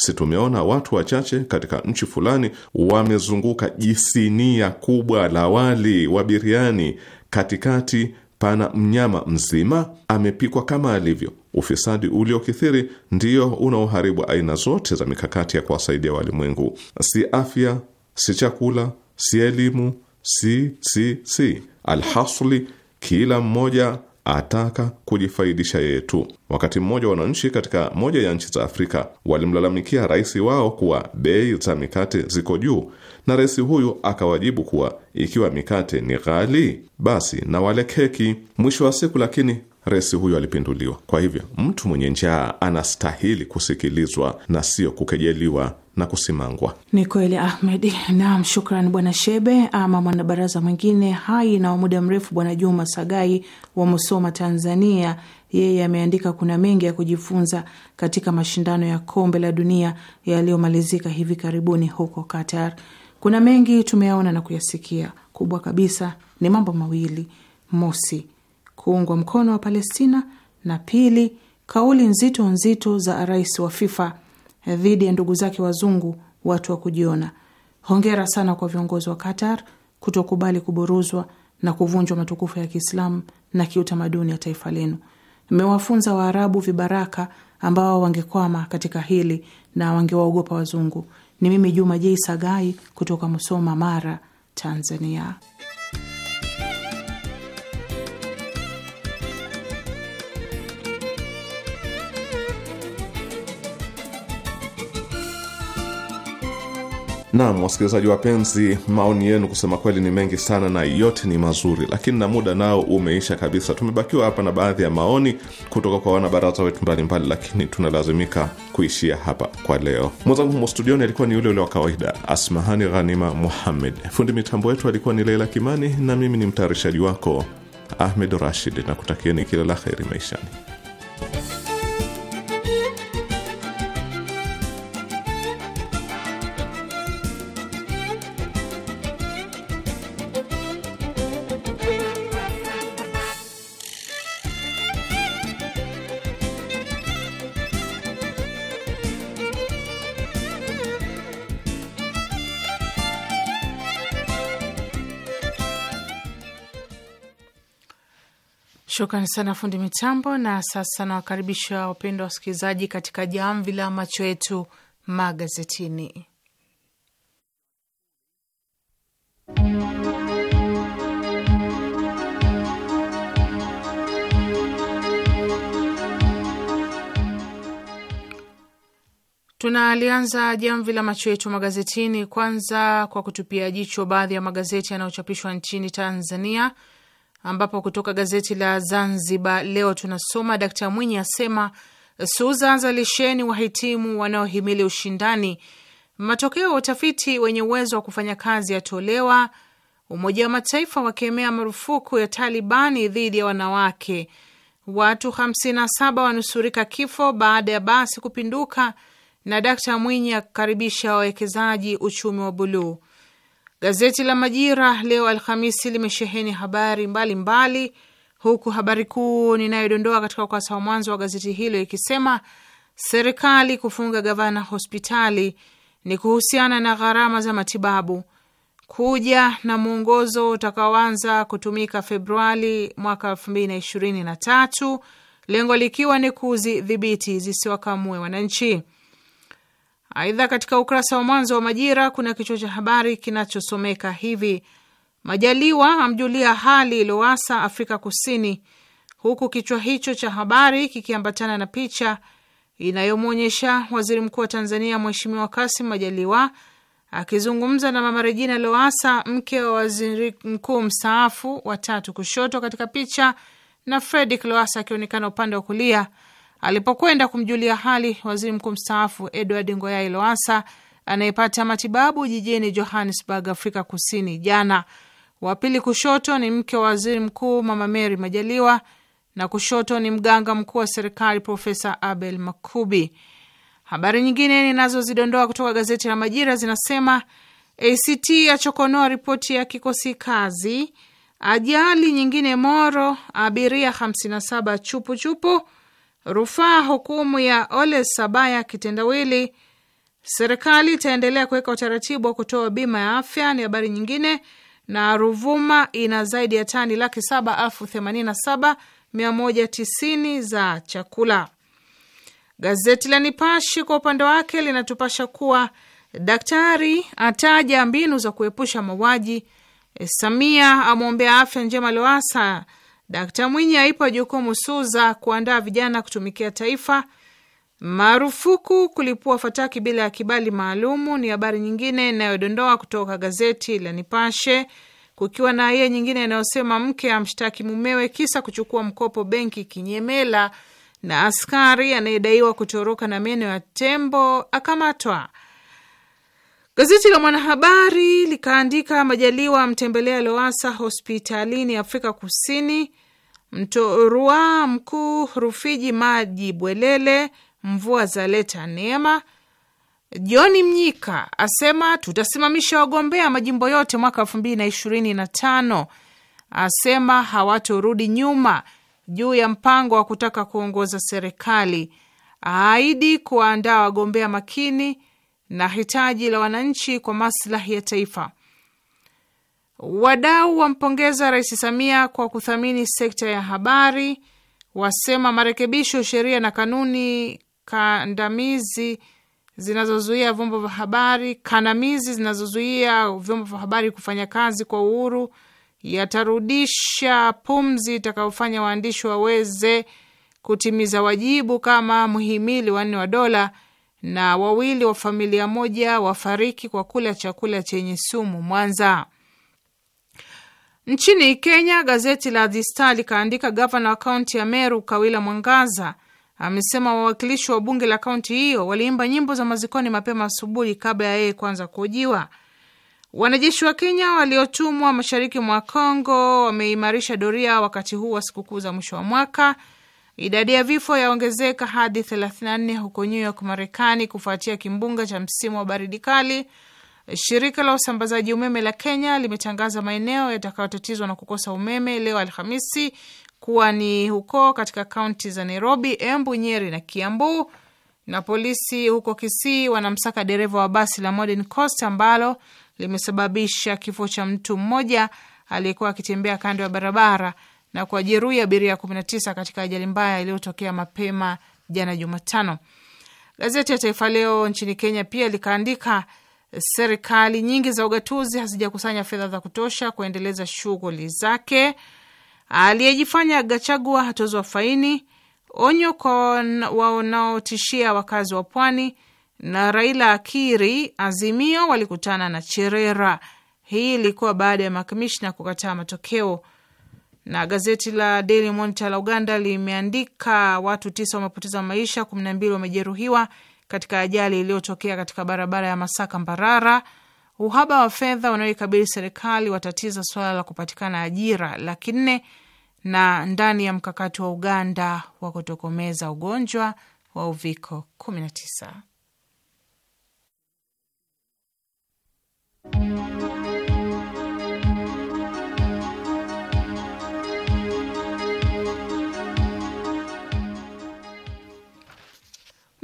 Si tumeona watu wachache katika nchi fulani wamezunguka jisinia kubwa la wali wa biriani, katikati pana mnyama mzima amepikwa kama alivyo. Ufisadi uliokithiri ndiyo unaoharibu aina zote za mikakati ya kuwasaidia walimwengu. Si afya, si chakula, si elimu, si si si. Alhasli, kila mmoja ataka kujifaidisha yeye tu. Wakati mmoja, wananchi katika moja ya nchi za Afrika walimlalamikia rais wao kuwa bei za mikate ziko juu, na rais huyu akawajibu kuwa ikiwa mikate ni ghali, basi na wale keki mwisho wa siku. Lakini Resi huyo alipinduliwa. Kwa hivyo mtu mwenye njaa anastahili kusikilizwa na sio kukejeliwa na kusimangwa. Ni kweli Ahmed. Naam, shukran bwana Shebe. Ama mwanabaraza mwingine hai na wa muda mrefu bwana Juma Sagai wa Musoma, Tanzania, yeye ameandika kuna mengi ya kujifunza katika mashindano ya kombe la dunia yaliyomalizika hivi karibuni huko Qatar. Kuna mengi tumeyaona na kuyasikia. Kubwa kabisa ni mambo mawili, mosi kuungwa mkono wa Palestina na pili, kauli nzito nzito za rais wa FIFA dhidi ya ndugu zake wazungu watu wa kujiona. Hongera sana kwa viongozi wa Qatar kutokubali kuburuzwa na kuvunjwa matukufu ya Kiislamu na kiutamaduni ya taifa lenu. Mmewafunza Waarabu vibaraka ambao wangekwama katika hili na wangewaogopa wazungu. Ni mimi Juma Jei Sagai kutoka Musoma, Mara, Tanzania. Naam, wasikilizaji wapenzi, maoni yenu kusema kweli ni mengi sana na yote ni mazuri, lakini na muda nao umeisha kabisa. Tumebakiwa hapa na baadhi ya maoni kutoka kwa wanabaraza wetu mbalimbali, lakini tunalazimika kuishia hapa kwa leo. Mwenzangu humo studioni alikuwa ni yule ule wa kawaida, Asmahani Ghanima Muhammed. Fundi mitambo wetu alikuwa ni Leila Kimani, na mimi ni mtayarishaji wako Ahmed Rashid, na kutakieni kila la heri maishani. Shukrani sana fundi mitambo. Na sasa nawakaribisha wapendwa wasikilizaji katika jamvi la macho yetu magazetini. Tunalianza jamvi la macho yetu magazetini kwanza kwa kutupia jicho baadhi ya magazeti yanayochapishwa nchini Tanzania ambapo kutoka gazeti la Zanzibar Leo tunasoma Dkt Mwinyi asema SUZA zalisheni wahitimu wanaohimili ushindani. Matokeo ya utafiti wenye uwezo wa kufanya kazi yatolewa. Umoja wa Mataifa wakemea marufuku ya Talibani dhidi ya wanawake. Watu 57 wanusurika kifo baada ya basi kupinduka, na Dkt Mwinyi akaribisha wawekezaji uchumi wa buluu. Gazeti la Majira leo Alhamisi limesheheni habari mbalimbali mbali, huku habari kuu ninayodondoa katika ukurasa wa mwanzo wa gazeti hilo ikisema serikali kufunga gavana hospitali ni kuhusiana na gharama za matibabu, kuja na mwongozo utakaoanza kutumika Februari mwaka elfu mbili na ishirini na tatu, lengo likiwa ni kuzidhibiti zisiwakamue wananchi. Aidha, katika ukurasa wa mwanzo wa Majira kuna kichwa cha habari kinachosomeka hivi: Majaliwa amjulia hali Lowassa Afrika Kusini, huku kichwa hicho cha habari kikiambatana na picha inayomwonyesha waziri mkuu wa Tanzania Mheshimiwa Kasim Majaliwa akizungumza na Mama Regina Lowassa, mke wa waziri mkuu mstaafu, wa tatu kushoto katika picha, na Fredrick loasa akionekana upande wa kulia Alipokwenda kumjulia hali waziri mkuu mstaafu Edward Ngoyai Lowassa anayepata matibabu jijini Johannesburg, Afrika Kusini jana. Wa pili kushoto ni mke wa waziri mkuu Mama Mary Majaliwa na kushoto ni mganga mkuu wa serikali Profesa Abel Makubi. Habari nyingine ninazozidondoa kutoka gazeti la Majira zinasema ACT yachokonoa ripoti ya kikosi kazi. Ajali nyingine Moro, abiria 57 chupuchupu chupu rufaa hukumu ya Ole Sabaya kitendawili. Serikali itaendelea kuweka utaratibu wa kutoa bima ya afya, ni habari nyingine. Na Ruvuma ina zaidi ya tani laki saba elfu themanini na saba mia moja tisini za chakula. Gazeti la Nipashi kwa upande wake linatupasha kuwa daktari ataja mbinu za kuepusha mauaji. Samia amwombea afya njema Lowassa Dkt Mwinyi aipa jukumu SUZA kuandaa vijana kutumikia taifa. Marufuku kulipua fataki bila ya kibali maalumu ni habari nyingine inayodondoa kutoka gazeti la Nipashe, kukiwa na aia nyingine inayosema mke amshtaki mumewe kisa kuchukua mkopo benki kinyemela, na askari anayedaiwa kutoroka na meno ya tembo akamatwa. Gazeti la Mwanahabari likaandika Majaliwa amtembelea Lowasa hospitalini Afrika Kusini Mtorua mkuu Rufiji maji Bwelele, mvua zaleta neema. John Mnyika asema tutasimamisha wagombea majimbo yote mwaka elfu mbili na ishirini na tano. Asema hawatorudi nyuma juu ya mpango wa kutaka kuongoza serikali. Aahidi kuwaandaa wagombea makini na hitaji la wananchi kwa maslahi ya taifa. Wadau wampongeza Rais Samia kwa kuthamini sekta ya habari, wasema marekebisho sheria na kanuni kandamizi zinazozuia vyombo vya habari kandamizi zinazozuia vyombo vya habari kufanya kazi kwa uhuru yatarudisha pumzi itakayofanya waandishi waweze kutimiza wajibu kama mhimili wanne wa dola. Na wawili wa familia moja wafariki kwa kula chakula chenye sumu Mwanza. Nchini Kenya, gazeti la The Star likaandika gavana wa kaunti ya Meru Kawila Mwangaza amesema wawakilishi wa bunge la kaunti hiyo waliimba nyimbo za mazikoni mapema asubuhi kabla ya yeye kuanza kuhojiwa. Wanajeshi wa Kenya waliotumwa mashariki mwa congo wameimarisha doria wakati huu wa sikukuu za mwisho wa mwaka. Idadi ya vifo yaongezeka hadi 34 huko New York, Marekani, kufuatia kimbunga cha msimu wa baridi kali Shirika la usambazaji umeme la Kenya limetangaza maeneo yatakayotatizwa na kukosa umeme leo Alhamisi kuwa ni huko katika kaunti za Nairobi, Embu, Nyeri na Kiambu. Na polisi huko Kisii wanamsaka dereva wa basi la Modern Coast ambalo limesababisha kifo cha mtu mmoja aliyekuwa akitembea kando ya barabara na kuwajeruhi abiria 19 katika ajali mbaya iliyotokea mapema jana Jumatano. Gazeti ya Taifa Leo nchini Kenya pia likaandika serikali nyingi za ugatuzi hazijakusanya fedha za kutosha kuendeleza shughuli zake. Aliyejifanya Gachagua hatozwa faini. Onyo kwa wanaotishia wakazi wa pwani. Na Raila akiri Azimio walikutana na Cherera. Hii ilikuwa baada ya makamishna kukataa matokeo. Na gazeti la Daily Monitor la Uganda limeandika watu tisa wamepoteza maisha, kumi na mbili wamejeruhiwa katika ajali iliyotokea katika barabara ya Masaka Mbarara. Uhaba wa fedha unaoikabili serikali watatiza swala la kupatikana ajira laki nne na ndani ya mkakati wa Uganda wa kutokomeza ugonjwa wa uviko 19.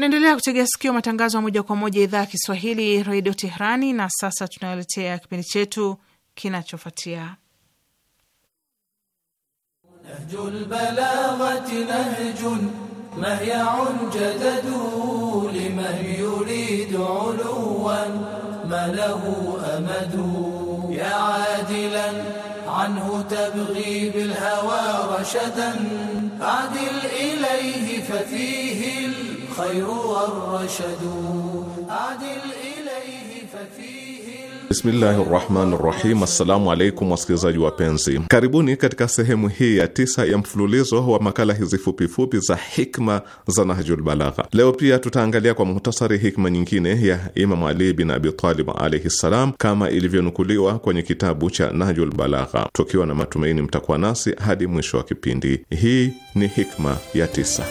Naendelea kutegea sikio matangazo ya moja kwa moja idhaa ya Kiswahili redio Tehrani. Na sasa tunaletea kipindi chetu kinachofuatia anhu tabghi bilhawa rashadan adil ilayhi fafihi الخير والرشد أعدل إليه ففيه Bismillahi rahmani rahim. Assalamu alaikum wasikilizaji wapenzi, karibuni katika sehemu hii ya tisa ya mfululizo wa makala hizi fupifupi za hikma za Nahjul Balagha. Leo pia tutaangalia kwa muhtasari hikma nyingine ya Imamu Ali bin Abi Talib alaihi ssalam, kama ilivyonukuliwa kwenye kitabu cha Nahjul Balagha, tukiwa na matumaini mtakuwa nasi hadi mwisho wa kipindi. Hii ni hikma ya tisa.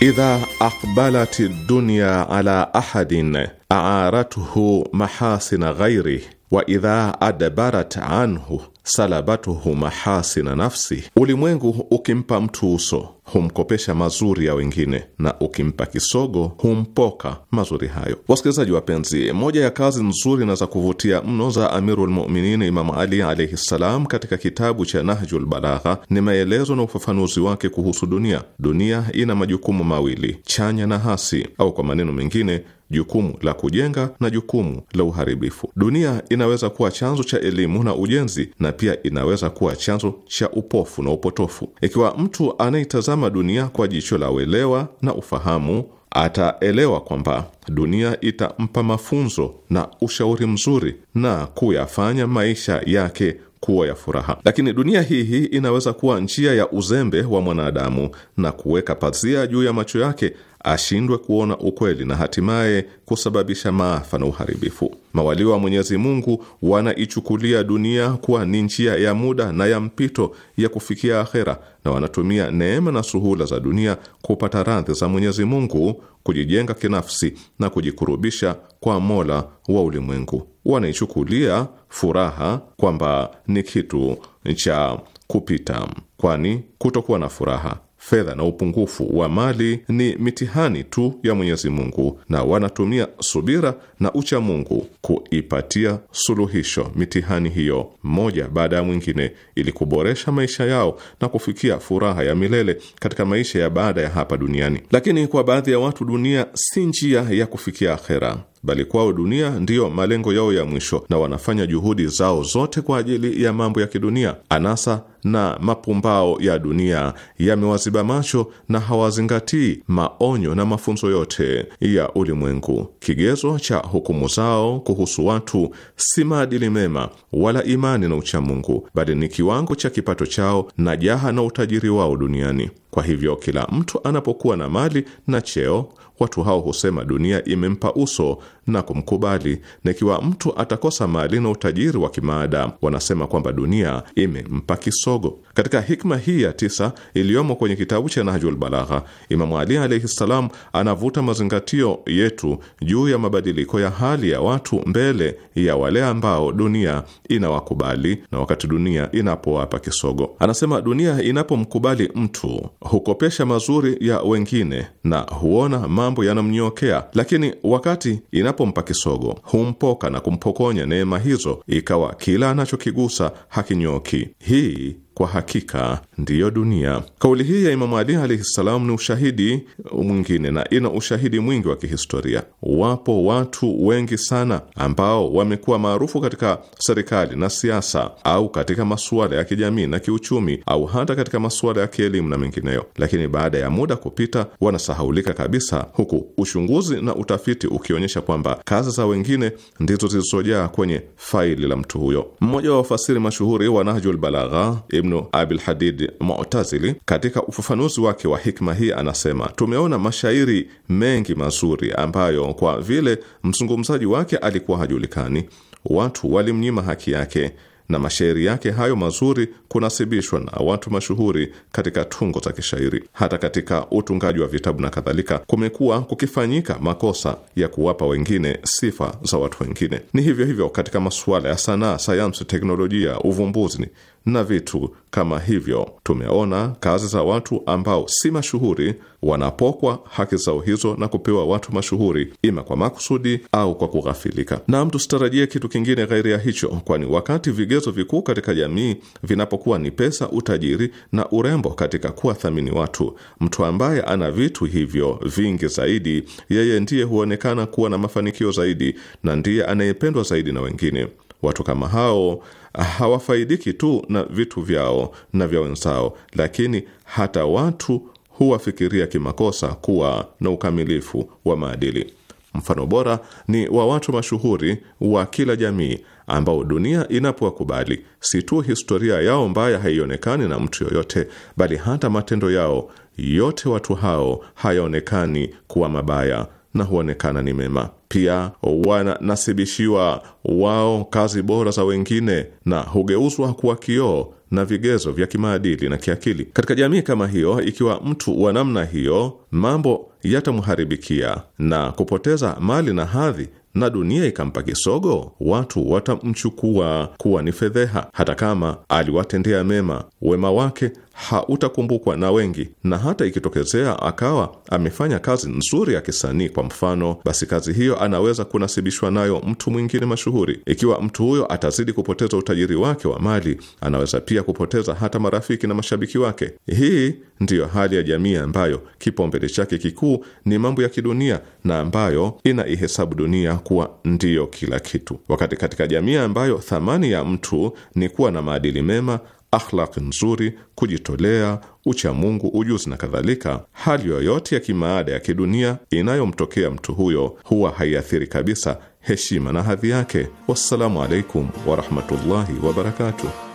idha aqbalat dunya ala ahadin aaratuhu mahasina ghairi wa idha adbarat anhu salabathu mahasina nafsi, ulimwengu ukimpa mtu uso humkopesha mazuri ya wengine, na ukimpa kisogo humpoka mazuri hayo. Wasikilizaji wapenzi, moja ya kazi nzuri na za kuvutia mno za Amirul Mu'minin Ali alaihi ssalam katika kitabu cha Nahjul Balagha ni maelezo na ufafanuzi wake kuhusu dunia. Dunia ina majukumu mawili, chanya na hasi, au kwa maneno mengine jukumu la kujenga na jukumu la uharibifu. Dunia inaweza kuwa chanzo cha elimu na ujenzi, na pia inaweza kuwa chanzo cha upofu na upotofu. Ikiwa mtu anayetazama kutazama dunia kwa jicho la uelewa na ufahamu, ataelewa kwamba dunia itampa mafunzo na ushauri mzuri na kuyafanya maisha yake kuwa ya furaha. Lakini dunia hii hii inaweza kuwa njia ya uzembe wa mwanadamu na kuweka pazia juu ya macho yake ashindwe kuona ukweli na hatimaye kusababisha maafa na uharibifu. Mawalio wa Mwenyezi Mungu wanaichukulia dunia kuwa ni njia ya muda na ya mpito ya kufikia akhera, na wanatumia neema na suhula za dunia kupata radhi za Mwenyezi Mungu, kujijenga kinafsi na kujikurubisha kwa Mola wa ulimwengu. Wanaichukulia furaha kwamba ni kitu cha kupita, kwani kutokuwa na furaha fedha na upungufu wa mali ni mitihani tu ya Mwenyezi Mungu, na wanatumia subira na ucha Mungu kuipatia suluhisho mitihani hiyo moja baada ya mwingine, ili kuboresha maisha yao na kufikia furaha ya milele katika maisha ya baada ya hapa duniani. Lakini kwa baadhi ya watu, dunia si njia ya kufikia akhera bali kwao dunia ndiyo malengo yao ya mwisho na wanafanya juhudi zao zote kwa ajili ya mambo ya kidunia. Anasa na mapumbao ya dunia yamewaziba macho na hawazingatii maonyo na mafunzo yote ya ulimwengu. Kigezo cha hukumu zao kuhusu watu si maadili mema wala imani na uchamungu, bali ni kiwango cha kipato chao na jaha na utajiri wao duniani. Kwa hivyo, kila mtu anapokuwa na mali na cheo watu hao husema dunia imempa uso na kumkubali, na ikiwa mtu atakosa mali na utajiri wa kimaadamu, wanasema kwamba dunia imempa kisogo. Katika hikma hii ya tisa iliyomo kwenye kitabu cha Nahjul Balagha, Imamu Ali alaihi ssalam anavuta mazingatio yetu juu ya mabadiliko ya hali ya watu mbele ya wale ambao dunia inawakubali na wakati dunia inapowapa kisogo. Anasema dunia inapomkubali mtu hukopesha mazuri ya wengine na huona mambo yanamnyokea, lakini wakati inapo anapompa kisogo humpoka na kumpokonya neema hizo, ikawa kila anachokigusa hakinyoki. Hii kwa hakika ndiyo dunia. Kauli hii ya Imamu Ali alaihi ssalam ni ushahidi mwingine na ina ushahidi mwingi wa kihistoria. Wapo watu wengi sana ambao wamekuwa maarufu katika serikali na siasa au katika masuala ya kijamii na kiuchumi au hata katika masuala ya kielimu na mengineyo, lakini baada ya muda kupita wanasahaulika kabisa, huku uchunguzi na utafiti ukionyesha kwamba kazi za wengine ndizo zilizojaa kwenye faili la mtu huyo. Mmoja wa wafasiri mashuhuri wa Nahjul Balagha Ibnu Abil Hadid Mu'tazili katika ufafanuzi wake wa hikma hii anasema, tumeona mashairi mengi mazuri ambayo kwa vile mzungumzaji wake alikuwa hajulikani, watu walimnyima haki yake na mashairi yake hayo mazuri kunasibishwa na watu mashuhuri katika tungo za kishairi. Hata katika utungaji wa vitabu na kadhalika, kumekuwa kukifanyika makosa ya kuwapa wengine sifa za watu wengine. Ni hivyo hivyo katika masuala ya sanaa, sayansi, teknolojia, uvumbuzi na vitu kama hivyo. Tumeona kazi za watu ambao si mashuhuri wanapokwa haki zao hizo na kupewa watu mashuhuri, ima kwa makusudi au kwa kughafilika. Na tusitarajie kitu kingine ghairi ya hicho, kwani wakati vigezo vikuu katika jamii vinapokuwa ni pesa, utajiri na urembo katika kuwathamini watu, mtu ambaye ana vitu hivyo vingi zaidi, yeye ndiye huonekana kuwa na mafanikio zaidi na ndiye anayependwa zaidi na wengine. Watu kama hao ah, hawafaidiki tu na vitu vyao na vya wenzao, lakini hata watu huwafikiria kimakosa kuwa na ukamilifu wa maadili. Mfano bora ni wa watu mashuhuri wa kila jamii ambao dunia inapowakubali, si tu historia yao mbaya haionekani na mtu yoyote, bali hata matendo yao yote watu hao hayaonekani kuwa mabaya na huonekana ni mema. Pia wananasibishiwa wao kazi bora za wengine na hugeuzwa kuwa kioo na vigezo vya kimaadili na kiakili. Katika jamii kama hiyo, ikiwa mtu wa namna hiyo, mambo yatamharibikia na kupoteza mali na hadhi na dunia ikampa kisogo, watu watamchukua kuwa ni fedheha, hata kama aliwatendea mema. Wema wake hautakumbukwa na wengi, na hata ikitokezea akawa amefanya kazi nzuri ya kisanii kwa mfano, basi kazi hiyo anaweza kunasibishwa nayo mtu mwingine mashuhuri. Ikiwa mtu huyo atazidi kupoteza utajiri wake wa mali, anaweza pia kupoteza hata marafiki na mashabiki wake. Hii ndiyo hali ya jamii ambayo kipaumbele chake kikuu ni mambo ya kidunia na ambayo ina ihesabu dunia kuwa ndiyo kila kitu, wakati katika jamii ambayo thamani ya mtu ni kuwa na maadili mema akhlaki nzuri, kujitolea, uchamungu, ujuzi na kadhalika, hali yoyote ya kimaada ya kidunia inayomtokea mtu huyo huwa haiathiri kabisa heshima na hadhi yake. Wassalamu alaikum warahmatullahi wabarakatuh.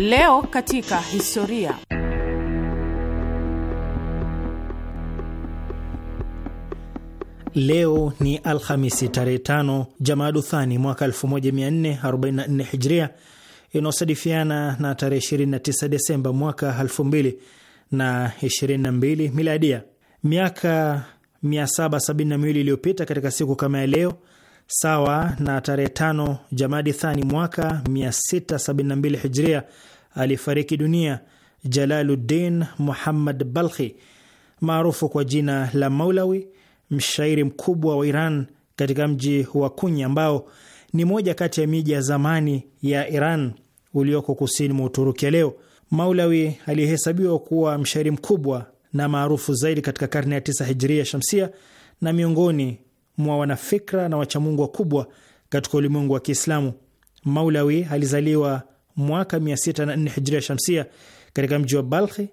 Leo katika historia. Leo ni Alhamisi tarehe 5 Jamaaduthani mwaka 1444 Hijria, inayosadifiana na tarehe 29 Desemba mwaka 2022 Miladia. Miaka 772 iliyopita katika siku kama ya leo sawa na tarehe 5 Jamadi Thani mwaka 672 Hijria, alifariki dunia Jalaluddin Muhammad Balkhi maarufu kwa jina la Maulawi, mshairi mkubwa wa Iran katika mji wa Kunya ambao ni moja kati ya miji ya zamani ya Iran ulioko kusini mwa Uturuki ya leo. Maulawi aliyehesabiwa kuwa mshairi mkubwa na maarufu zaidi katika karne ya tisa Hijria Shamsia na miongoni mwa wanafikra na wachamungu wakubwa katika ulimwengu wa Kiislamu. Maulawi alizaliwa mwaka 604 hijria shamsia katika mji wa Balkhi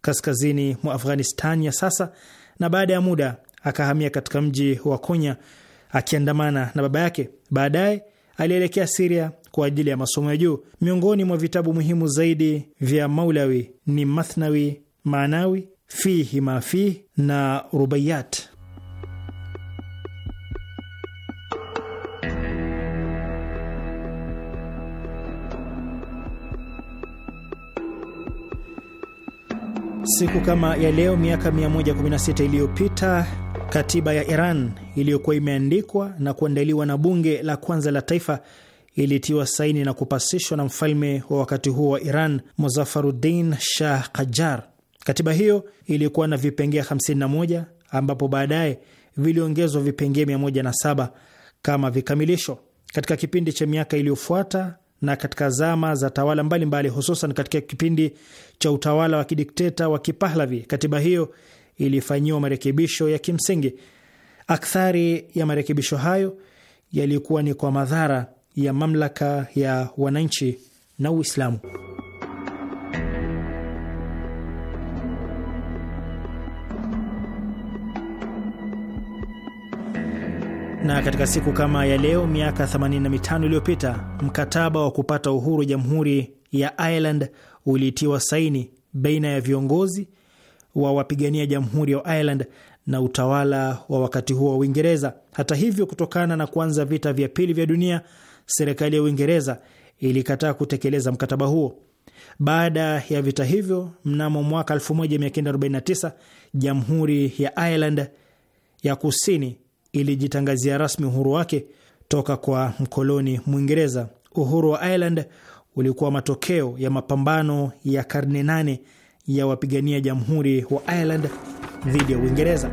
kaskazini mwa Afghanistan ya sasa, na baada ya muda akahamia katika mji wa Konya akiandamana na baba yake. Baadaye alielekea Siria kwa ajili ya masomo ya juu. Miongoni mwa vitabu muhimu zaidi vya Maulawi ni Mathnawi, Maanawi, Fihi Mafihi na Rubaiyat. Siku kama ya leo miaka 116 iliyopita katiba ya Iran iliyokuwa imeandikwa na kuandaliwa na bunge la kwanza la taifa ilitiwa saini na kupasishwa na mfalme wa wakati huo wa Iran, muzafarudin Shah Qajar. Katiba hiyo ilikuwa na vipengee 51 ambapo baadaye viliongezwa vipengee 107 kama vikamilisho. Katika kipindi cha miaka iliyofuata na katika zama za tawala mbalimbali, hususan katika kipindi cha utawala wa kidikteta wa Kipahlavi. Katiba hiyo ilifanyiwa marekebisho ya kimsingi. Akthari ya marekebisho hayo yalikuwa ni kwa madhara ya mamlaka ya wananchi na Uislamu. Na katika siku kama ya leo miaka 85 iliyopita mkataba wa kupata uhuru jamhuri ya Ireland uliitiwa saini baina ya viongozi wa wapigania jamhuri ya Ireland na utawala wa wakati huo wa Uingereza. Hata hivyo, kutokana na kuanza vita vya pili vya dunia, serikali ya Uingereza ilikataa kutekeleza mkataba huo. Baada ya vita hivyo, mnamo mwaka 1949 jamhuri ya Ireland ya kusini ilijitangazia rasmi uhuru wake toka kwa mkoloni Mwingereza. Uhuru wa Ireland ulikuwa matokeo ya mapambano ya karne nane ya wapigania jamhuri wa Ireland dhidi ya Uingereza.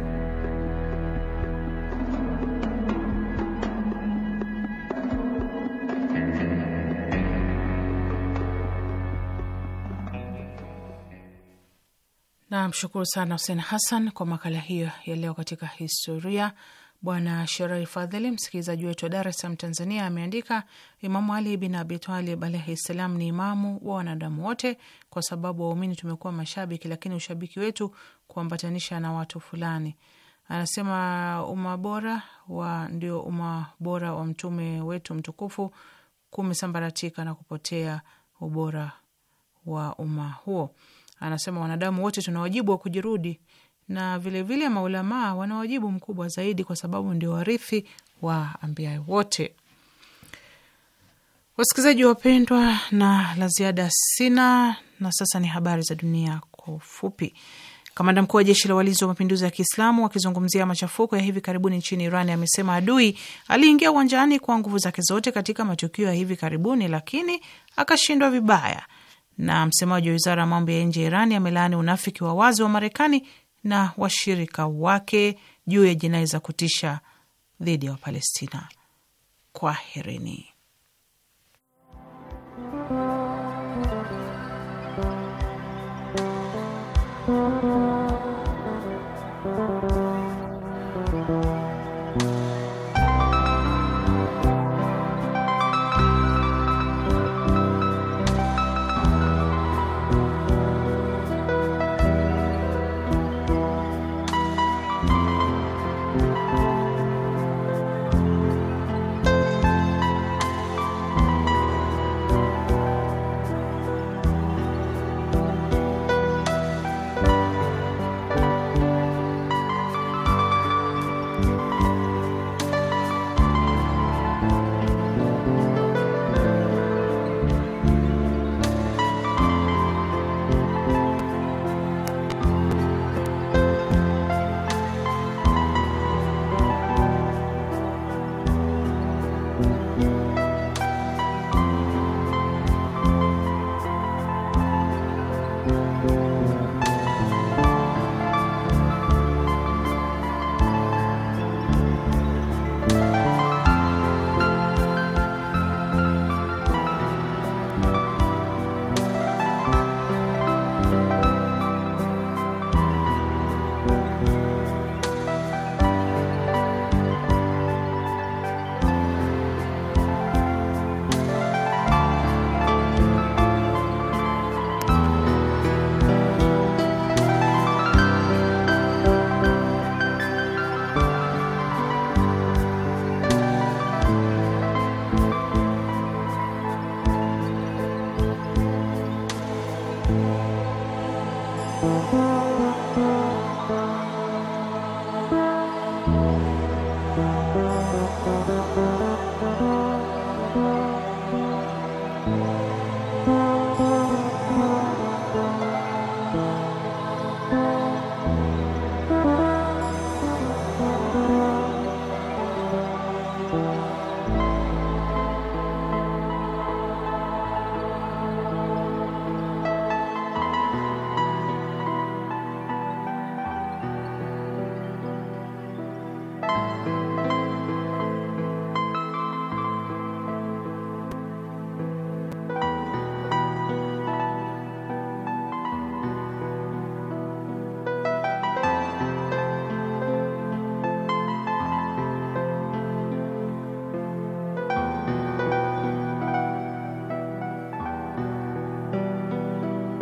Namshukuru sana Hussein Hassan kwa makala hiyo ya leo katika historia. Bwana Sherai Fadhili, msikilizaji wetu wa Dar es Salaam, Tanzania, ameandika Imamu Ali bin Abi Talib alaihi ssalam ni imamu wa wanadamu wote, kwa sababu waumini tumekuwa mashabiki, lakini ushabiki wetu kuambatanisha na watu fulani. Anasema umma bora wa ndio umma bora wa mtume wetu mtukufu kumesambaratika na kupotea ubora wa umma huo. Anasema wanadamu wote tuna wajibu wa kujirudi na vilevile vile maulamaa wana wajibu mkubwa zaidi, kwa sababu ndio warithi wa ambia wote. Wasikilizaji wapendwa, na la ziada sina, na sasa ni habari za dunia kwa ufupi. Kamanda mkuu wa jeshi la walinzi wa mapinduzi ya Kiislamu akizungumzia machafuko ya hivi karibuni nchini Iran amesema adui aliingia uwanjani kwa nguvu zake zote katika matukio ya hivi karibuni, lakini akashindwa vibaya. Na msemaji wa wizara ya mambo ya nje ya Iran amelaani unafiki wa wazi wa Marekani na washirika wake juu ya jinai za kutisha dhidi ya Wapalestina. Kwaherini.